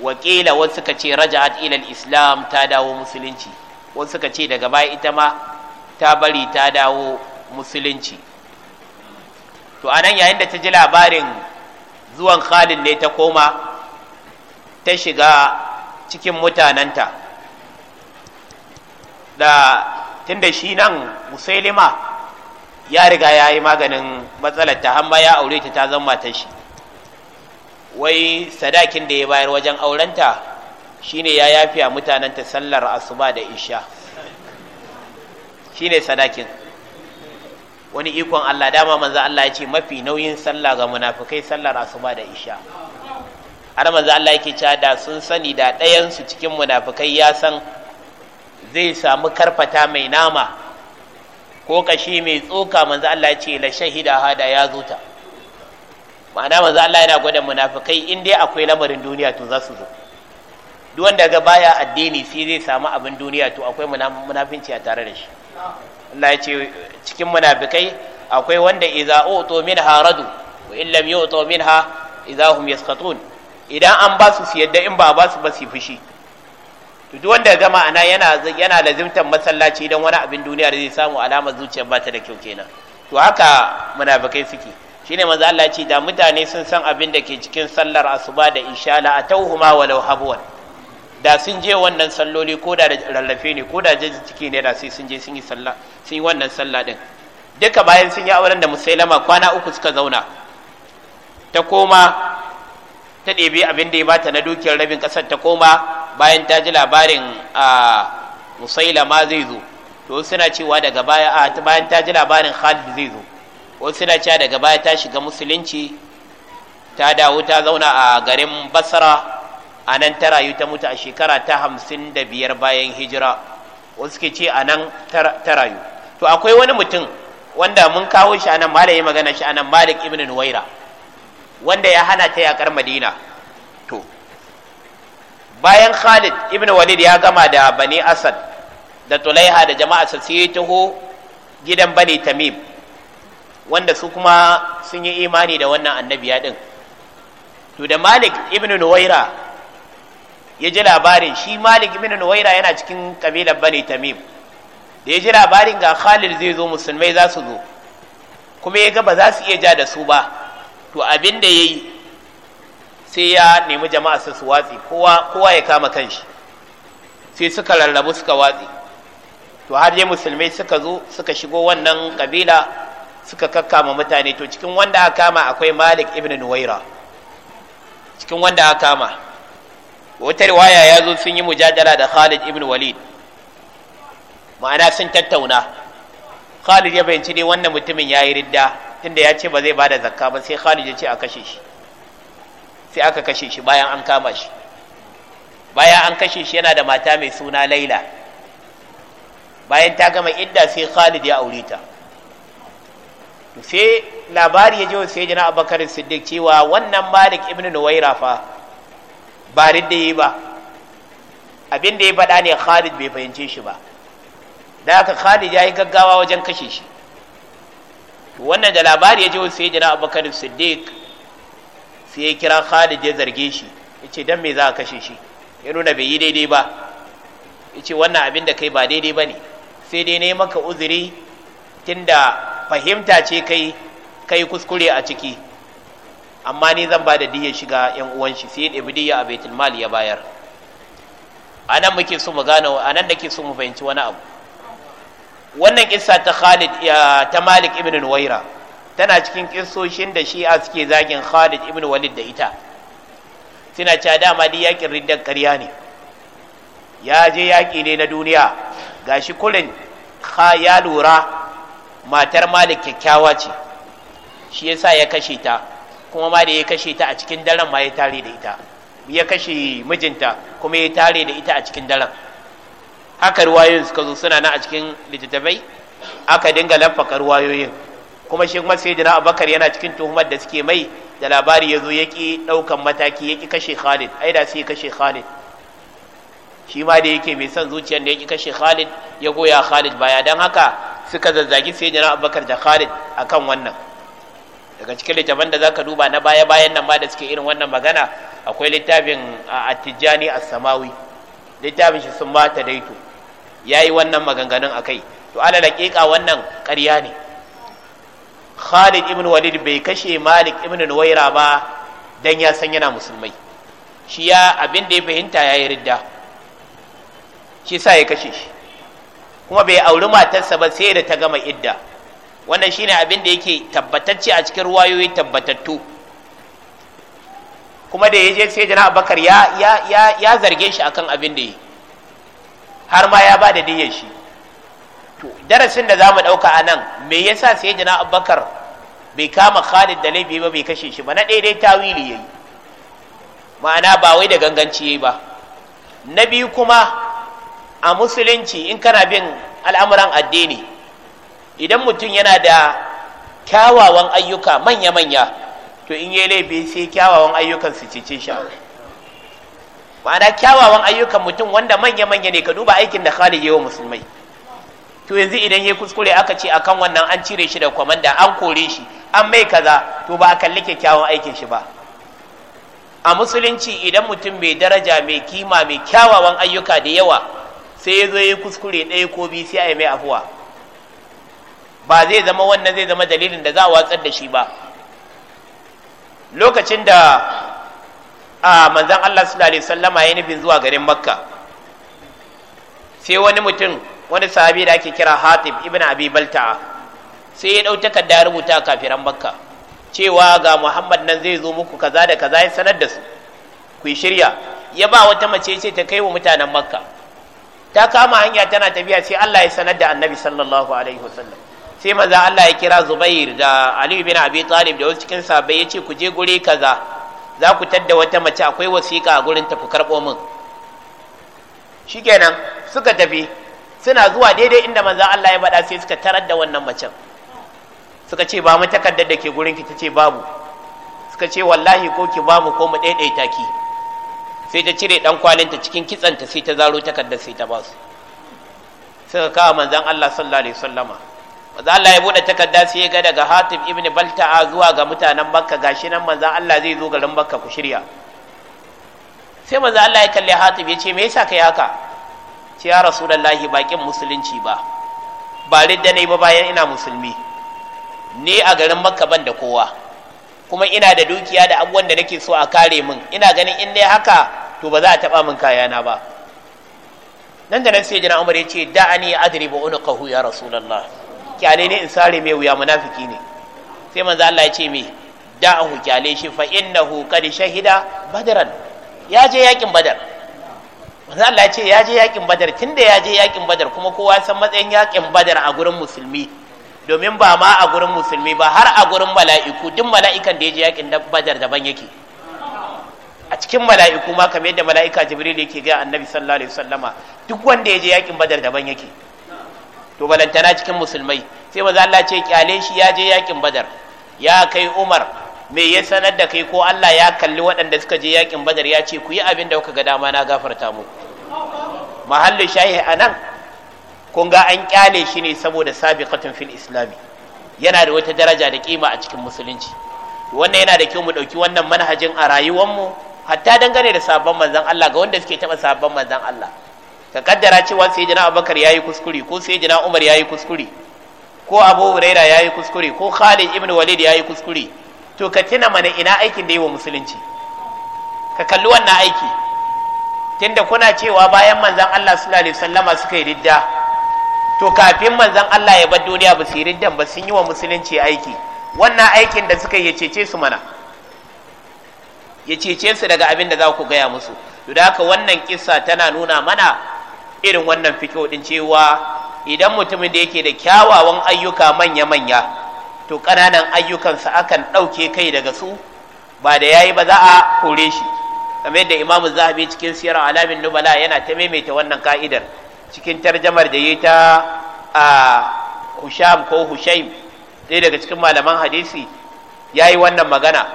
S1: wakila wasu suka ce raja'at ila islam ta dawo musulunci wasu suka ce daga baya ita ma ta bari ta dawo musulunci to anan yayin da ta ji labarin zuwan khalid ne ta koma ta shiga cikin mutanenta da tunda shi nan musailima ya riga ya yi maganin matsalar ta hamma ya aure ta ta zama ta shi wai sadakin da ya bayar wajen aurenta shine ya yafi a mutanenta sallar asuba da isha shine sadakin wani ikon Allah dama manzo Allah ya ce mafi nauyin sallah ga munafikai sallar asuba da isha har manzo Allah yake cewa da sun sani da ɗayan su cikin munafikai ya san zai samu karfata mai nama ko kashi mai tsoka manzo Allah ya ce la shahida hada ya zuta ma'ana manzo Allah yana gwada munafikai in dai akwai lamarin duniya to za su zo duk wanda ga baya addini sai zai samu abin duniya to akwai munafinci a tare da shi Allah ce cikin munafikai akwai wanda idza uto minha radu wa in lam yuto minha idza hum yaskatun idan an ba su yadda in ba ba su ba su fushi to duk wanda ga ma'ana yana yana lazimtan masallaci dan wani abin duniya da zai samu alamar zuciyar ba ta da kyau kenan to haka munafikai suke shine manzo Allah ya ce da mutane sun san abin da ke cikin sallar asuba da insha Allah atawhuma walau habwan da sun je wannan salloli ko da rarrafe ne ko da jajin ciki ne da sai sun je sun yi sallah sun yi wannan sallah din duka bayan sun yi auren da musailama kwana uku suka zauna ta koma ta ɗebi abin da ya bata na dukiyar rabin ƙasar ta koma bayan ta ji labarin a musailama zai zo to suna cewa daga baya a bayan ta ji labarin khalid zai zo wasu suna cewa daga baya ta shiga musulunci ta dawo ta zauna a garin Basara. a nan ta rayu ta mutu a shekara ta hamsin da biyar bayan hijira wasu ke ce a nan ta rayu to akwai wani mutum wanda mun kawo shi a nan malaye magana shi a nan malik ibn nuwaira wanda ya hana ta yakar madina to bayan khalid ibn walid ya gama da bani asad da tulaiha da jama'a sai taho gidan bani tamim wanda su kuma sun yi imani da wannan annabiya din to da malik ibn nuwaira ya ji labarin shi malik bin nuwaira yana cikin kabilar bani tamim da ya ji labarin ga khalid zai zo musulmai za su zo kuma ya ga ba za su iya ja da su ba to abin da ya yi sai ya nemi jama'a su su watsi kowa ya kama kanshi sai suka rarrabu suka watsi to har dai musulmai suka zo suka shigo wannan kabila suka kakkama mutane to cikin wanda aka kama akwai malik ibn nuwaira cikin wanda aka kama wata riwaya ya zo sun yi mujadala da Khalid ibn Walid ma'ana sun tattauna Khalid ya bayanci ne wannan mutumin ya yi ridda tunda ya ce ba zai bada zakka ba sai Khalid ya ce a kashe shi sai aka kashe shi bayan an kama shi bayan an kashe shi yana da mata mai suna Laila bayan ta gama idda sai Khalid ya aure ta sai labari ya je wa sai jana abubakar siddiq cewa wannan malik ibn nuwaira fa ba ridda yi ba abin da ya faɗa ne khalid bai fahimce shi ba da haka khalid ya yi gaggawa wajen kashe shi wannan da labari ya ji wasu da jina abubakar siddiq sai ya kira khalid ya zarge shi ya ce don me za a kashe shi ya nuna bai yi daidai ba ya ce wannan abin da kai ba daidai ba ne sai dai ne maka uzuri tunda fahimta ce kai kai kuskure a ciki amma ni zan ba da diya shiga yan uwan shi sai ya ɗebi diya a baitul mal ya bayar anan nan muke so mu gane a nan ke so mu fahimci wani abu wannan kissa ta Khalid ya ta Malik ibn Nuwaira tana cikin kissoshin da shi a suke zagin Khalid ibn Walid da ita suna cewa dama dai yakin riddar ƙarya ne ya je yaƙi ne na duniya gashi kha ya lura matar Malik kyakkyawa ce shi yasa ya kashe ta kuma ma da ya kashe ta a cikin daren ma ya tare da ita ya kashe mijinta kuma ya tare da ita a cikin daren haka ruwayoyin suka zo suna nan a cikin littattafai aka dinga lafaka ruwayoyin kuma shi kuma sai jina abakar yana cikin tuhumar da suke mai da labari ya zo ya ƙi ɗaukan mataki ya ƙi kashe khalid ai da sai kashe khalid shi ma da yake mai son zuciyar da ya ƙi kashe khalid ya goya khalid baya don haka suka zazzagi sai jina abakar da khalid akan wannan daga cikin littafin da zaka duba na baya bayan nan ma da suke irin wannan magana akwai littafin at a as-samawi littafin shi sun ba ma Ya yayi wannan maganganun akai to ala daƙiƙa wannan ƙarya ne Khalid ibn Walid bai kashe Malik ibn Nuwaira ba dan ya san yana musulmai shi ya abin da ya fahimta yayi ridda shi sa ya kashe shi kuma bai auri matarsa ba sai da ta gama idda wannan shine abin da yake tabbatacce a cikin ruwayoyi tabbatattu kuma da ya je sai jana abakar ya, zarge shi akan abin da yi har ma ya ba da diyyar shi to darasin da zamu mu ɗauka a nan me yasa sai jana abakar bai kama khalid da laifi ba bai kashe shi ba na daidai tawili ya yi ma'ana ba wai da ganganci ya ba na biyu kuma a musulunci in kana bin al'amuran addini idan mutum yana da kyawawan ayyuka manya-manya to in yi laifi sai kyawawan ayyukan su cece shi ma'ana kyawawan ayyukan mutum wanda manya-manya ne ka duba aikin da khalid wa musulmai to yanzu idan ya kuskure aka ce akan wannan an cire shi da kwamanda an kore shi an mai kaza to ba a kalli kyawawan aikin shi ba a musulunci idan mutum mai daraja mai kima mai kyawawan ayyuka da yawa sai ya zo ya kuskure ɗaya ko biyu sai a yi mai afuwa ba zai zama wannan zai zama dalilin da za a watsar da shi ba lokacin da a manzan Allah sallallahu alaihi wasallama ya nufin zuwa garin makka sai wani mutum wani sahabi da ake kira hatib ibn abi balta'a sai ya ɗau takarda ya rubuta kafiran makka cewa ga muhammad nan zai zo muku kaza da kaza ya sanar da su ku yi shirya ya ba wata mace ce ta kai wa mutanen makka ta kama hanya tana tafiya sai allah ya sanar da annabi sallallahu alaihi wasallam sai maza Allah ya kira Zubair da Ali bin Abi Talib da wasu cikin sahabbai yace ku je guri kaza za ku tadda wata mace akwai wasiƙa a gurin ta ku karɓo min shikenan suka tafi suna zuwa daidai inda maza Allah ya bada sai suka tarar da wannan macen suka ce ba mu takardar da ke gurin ki tace babu suka ce wallahi ko ki ba mu ko mu daidaita ki sai ta cire dan kwalinta cikin kitsanta sai ta zaro takardar sai ta ba su suka kawo manzon Allah sallallahu alaihi wasallama manzo Allah ya buɗe takarda sai ya ga daga Hatib ibn Balta'a zuwa ga mutanen Makka gashi nan manzo Allah zai zo garin Makka ku shirya sai manzo Allah ya kalle Hatim ya ce me yasa kai haka ce ya Rasulullahi bakin musulunci ba ba ridda ne ba bayan ina musulmi ni a garin Makka ban da kowa kuma ina da dukiya da abubuwan da nake so a kare min ina ganin in dai haka to ba za a taba min kayana ba nan da nan sai jina Umar ya ce da'ani adribu unqahu ya Rasulullahi kyale ne in sare mai wuya munafiki ne sai manzo Allah ya ce me da'ahu kyale shi fa innahu qad shahida badran ya je yakin badar manzo Allah ya ce ya je yakin badar tunda ya je yakin badar kuma kowa san matsayin yakin badar a gurin musulmi domin ba ma a gurin musulmi ba har a gurin mala'iku duk mala'ikan da ya je yakin badar daban yake a cikin mala'iku ma kamar yadda mala'ika jibril yake ga annabi sallallahu alaihi wasallama duk wanda ya je yakin badar daban yake to balantana cikin musulmai sai maza Allah ce kyale shi ya je yakin badar ya kai umar me ya sanar da kai ko Allah ya kalli waɗanda suka je yakin badar ya ce ku yi abin da kuka ga dama na gafarta mu mahallin shahi a nan kun ga an kyale shi ne saboda sabiqatun fil islami yana da wata daraja da kima a cikin musulunci wannan yana da kyau mu ɗauki wannan manhajin a rayuwarmu hatta dangane da sabon manzon Allah ga wanda suke taɓa sabon manzon Allah ka kaddara cewa sayyidina abubakar yi kuskure ko jina umar ya yi kuskure ko abu huraira yi kuskure ko khalid ibn walid ya yi kuskure to ka tuna mana ina aikin da yi wa musulunci ka kalli wannan aiki tunda kuna cewa bayan manzon Allah suna alaihi sallama suka yi ridda to kafin manzon Allah ya bar duniya ba su yi riddan ba sun yi wa musulunci aiki wannan aikin da suka yi cece su mana ya cece su daga abin da za ku gaya musu to da haka wannan kisa tana nuna mana irin wannan fikihu din cewa idan mutumin da yake da kyawawan ayyuka manya-manya to ƙananan ayyukansa akan ɗauke kai daga su ba da ya yi ba za a kore shi kamar yadda imamu zahabi cikin siyar alamin nubala yana ta maimaita wannan ka'idar cikin tarjamar da yi ta a husham ko hushaim ɗaya daga cikin malaman hadisi ya yi wannan magana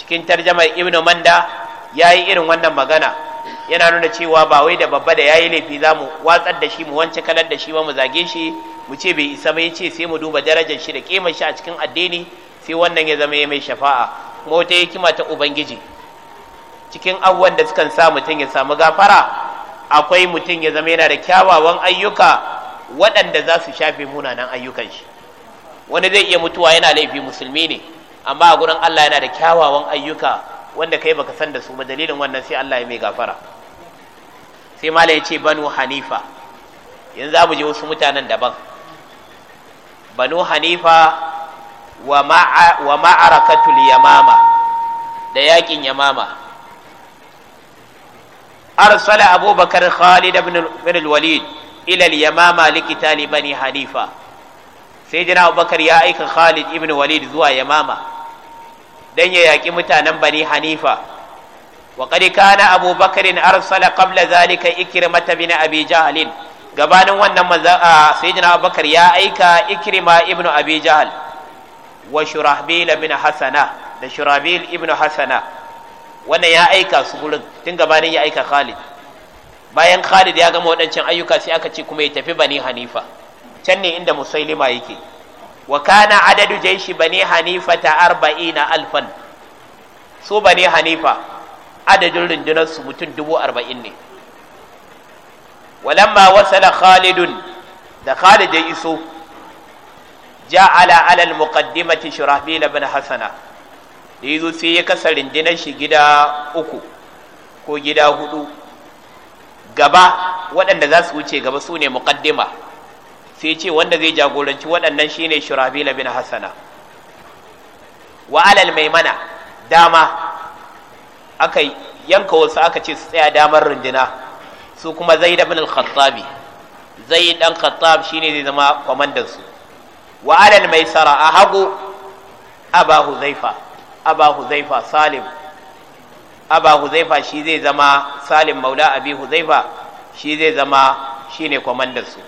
S1: cikin tarjamar ibnu manda ya yi irin wannan magana yana nuna cewa ba wai da babba da yayi laifi za mu watsar da shi mu wance kalar da shi ba mu zage shi mu ce bai isa ba yace sai mu duba darajar shi da kimar shi a cikin addini sai wannan ya zama ya mai shafa'a kuma wata hikima ta ubangiji cikin abubuwan da sukan sa mutum ya samu gafara akwai mutum ya zama yana da kyawawan ayyuka waɗanda za su shafe munanan ayyukan shi wani zai iya mutuwa yana laifi musulmi ne amma a gurin Allah yana da kyawawan ayyuka wanda kai baka san da su ba dalilin wannan sai Allah ya mai gafara sai mala ya ce banu hanifa yanzu za mu je wasu mutanen daban banu hanifa wa ma'arakatul yamama da yakin yamama arsala abubakar khalid ibn al-walid ila al-yamama likitali bani hanifa sai jina abubakar ya aika khalid ibn walid zuwa yamama dan ya yaki mutanen bani hanifa وقد كان أبو بكر أرسل قبل ذلك إكرمة بن أبي جهل gabanin wannan manzan a sayyidina abubakar ya aika ikrima ibnu abi jahal wa shurahbil ibn hasana da shurahbil ibn hasana wannan ya aika su gurin tun gabanin ya aika khalid bayan khalid ya gama waɗancan ayyuka sai aka ce kuma ya tafi bani hanifa can ne inda musailima yake wa kana adadu jaishi bani hanifa ta arba'ina alfan su bani hanifa adadin rundunar su mutum dubu arba'in ne walamma wasala khalidun da khalid ya iso ja alal muqaddimati shurahbil ibn hasana da yazo sai ya kasa rundunar shi gida uku ko gida hudu gaba waɗanda za su wuce gaba su ne muqaddima sai ce wanda zai jagoranci waɗannan shine shurahbil ibn hasana wa alal maimana dama aka yanka wasu aka ce su tsaya damar runduna su kuma zaid ibn al-khattabi zaid dan khattab ne zai zama kwamandan su wa mai maisara a hagu aba huzaifa aba huzaifa salim aba huzaifa shi zai zama salim maula abi huzaifa shi zai zama ne kwamandan su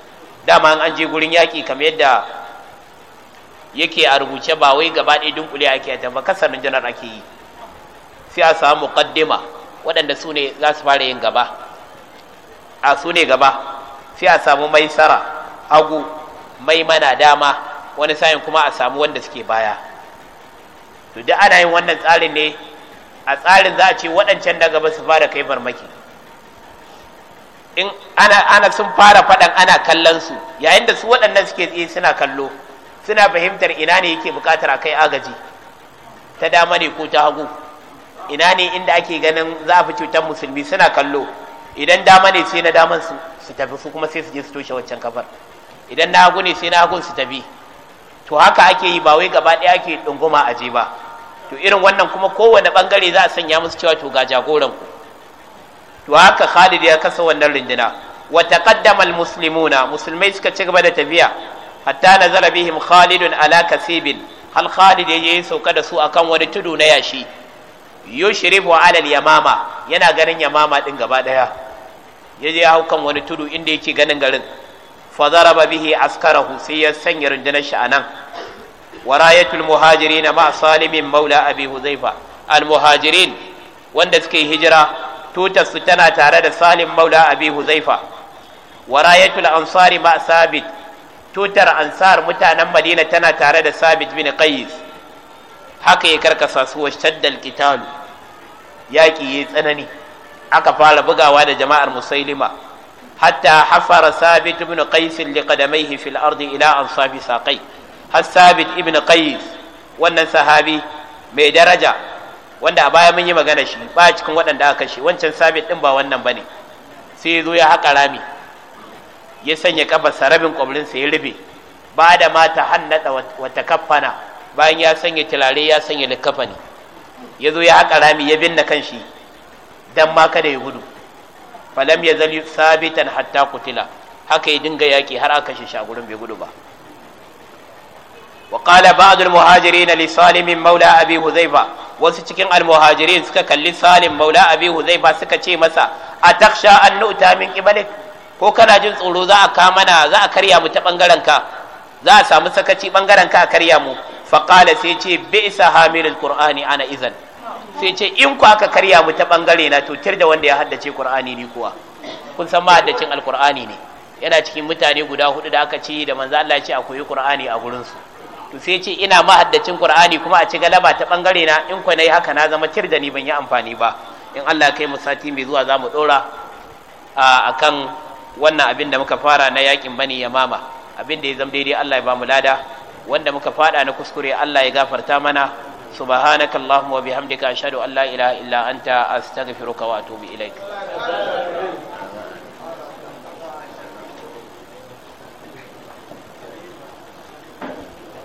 S1: dama an je gurin yaƙi kamar yadda yake a rubuce ba wai gaba ɗaya dunkule ake a ba kasar janar ake yi sai a samu muqaddima waɗanda su ne za su fara yin gaba a su ne gaba sai a samu mai maisara hagu mai mana dama wani sayin kuma a samu wanda suke baya to duk ana yin wannan tsarin ne a tsarin za a ce waɗancan na gaba su fara kai farmaki in ana sun fara faɗan ana kallon su yayin da su waɗannan suke tsaye suna kallo suna fahimtar ina ne yake buƙatar a kai agaji ta dama ne ko ta hagu ina ne inda ake ganin za a fi cutar musulmi suna kallo idan dama ne sai na daman su tafi su kuma sai su je su toshe waccan kafar idan na hagu ne sai na hagun su tafi to haka ake yi ba wai gaba ɗaya ake ɗunguma a je ba to irin wannan kuma kowane bangare za a sanya musu cewa to ga jagoran ku to haka Khalid ya kasa wannan rinduna wa taqaddama al-muslimuna musulmai suka ci gaba da tafiya hatta nazara bihim Khalidun ala kasibin hal Khalid ya sauka da su akan wani tudu na yashi yushrifu alal yamama yana ganin yamama din gaba daya yaje ya haukan wani tudu inda yake ganin garin fa zaraba bihi askarahu sai ya sanya rundunar shi anan warayatul muhajirin ma salimin maula abi huzaifa al muhajirin wanda suke hijira tutar su tana tare da salim maula abi huzaifa warayatul ansari ma sabit tutar ansar mutanen madina tana tare da sabit bin qais haka ya karkasa su washtadda al-qitalu yaƙi ya tsanani aka fara bugawa da jama'ar musailima hatta hafara sabit ibn qais li qadamaihi fil ardi ila ansabi saqai har sabit ibn qais wannan sahabi mai daraja wanda a baya mun yi magana shi ba cikin waɗanda aka shi. wancan sabit din ba wannan bane sai zo ya haƙa rami ya sanya kafarsa rabin sa ya rube ba da mata hannada wata kafana bayan ya sanya tilare ya sanya likafani ya zo ya haƙa rami ya binne kan shi don ma kada ya gudu falam ya zali sabitan hatta kutila haka ya dinga yaƙi har aka shi shagurin bai gudu ba wa qala ba'd al-muhajirin li salim maula abi huzaifa wasu cikin al-muhajirin suka kalli salim maula abi huzaifa suka ce masa atakhsha an nu'ta min qibalik ko kana jin tsoro za a za a karya mu ta bangaren ka za a samu sakaci bangaren ka a karya mu faƙala sai ce bai isa hamilul Kur'ani ana izan sai ce in ku aka karya mu ta bangare na to tir da wanda ya haddace ƙur'ani ni kuwa kun san ma haddacin alƙur'ani ne yana cikin mutane guda hudu da aka ce da manzo Allah ce a koyi ƙur'ani a gurin su to sai ce ina ma haddacin ƙur'ani kuma a ci galaba ta bangare na in ku yi haka na zama tir da ni ban yi amfani ba in Allah kai mu sati mai zuwa za mu ɗora a akan wannan abin da muka fara na yakin bani yamama abin da ya zama daidai Allah ya ba mu lada wanda muka fada na kuskure Allah ya gafarta mana subhanakallahumma wa bihamdika ashhadu an la ilaha illa anta astaghfiruka wa atubu ilaik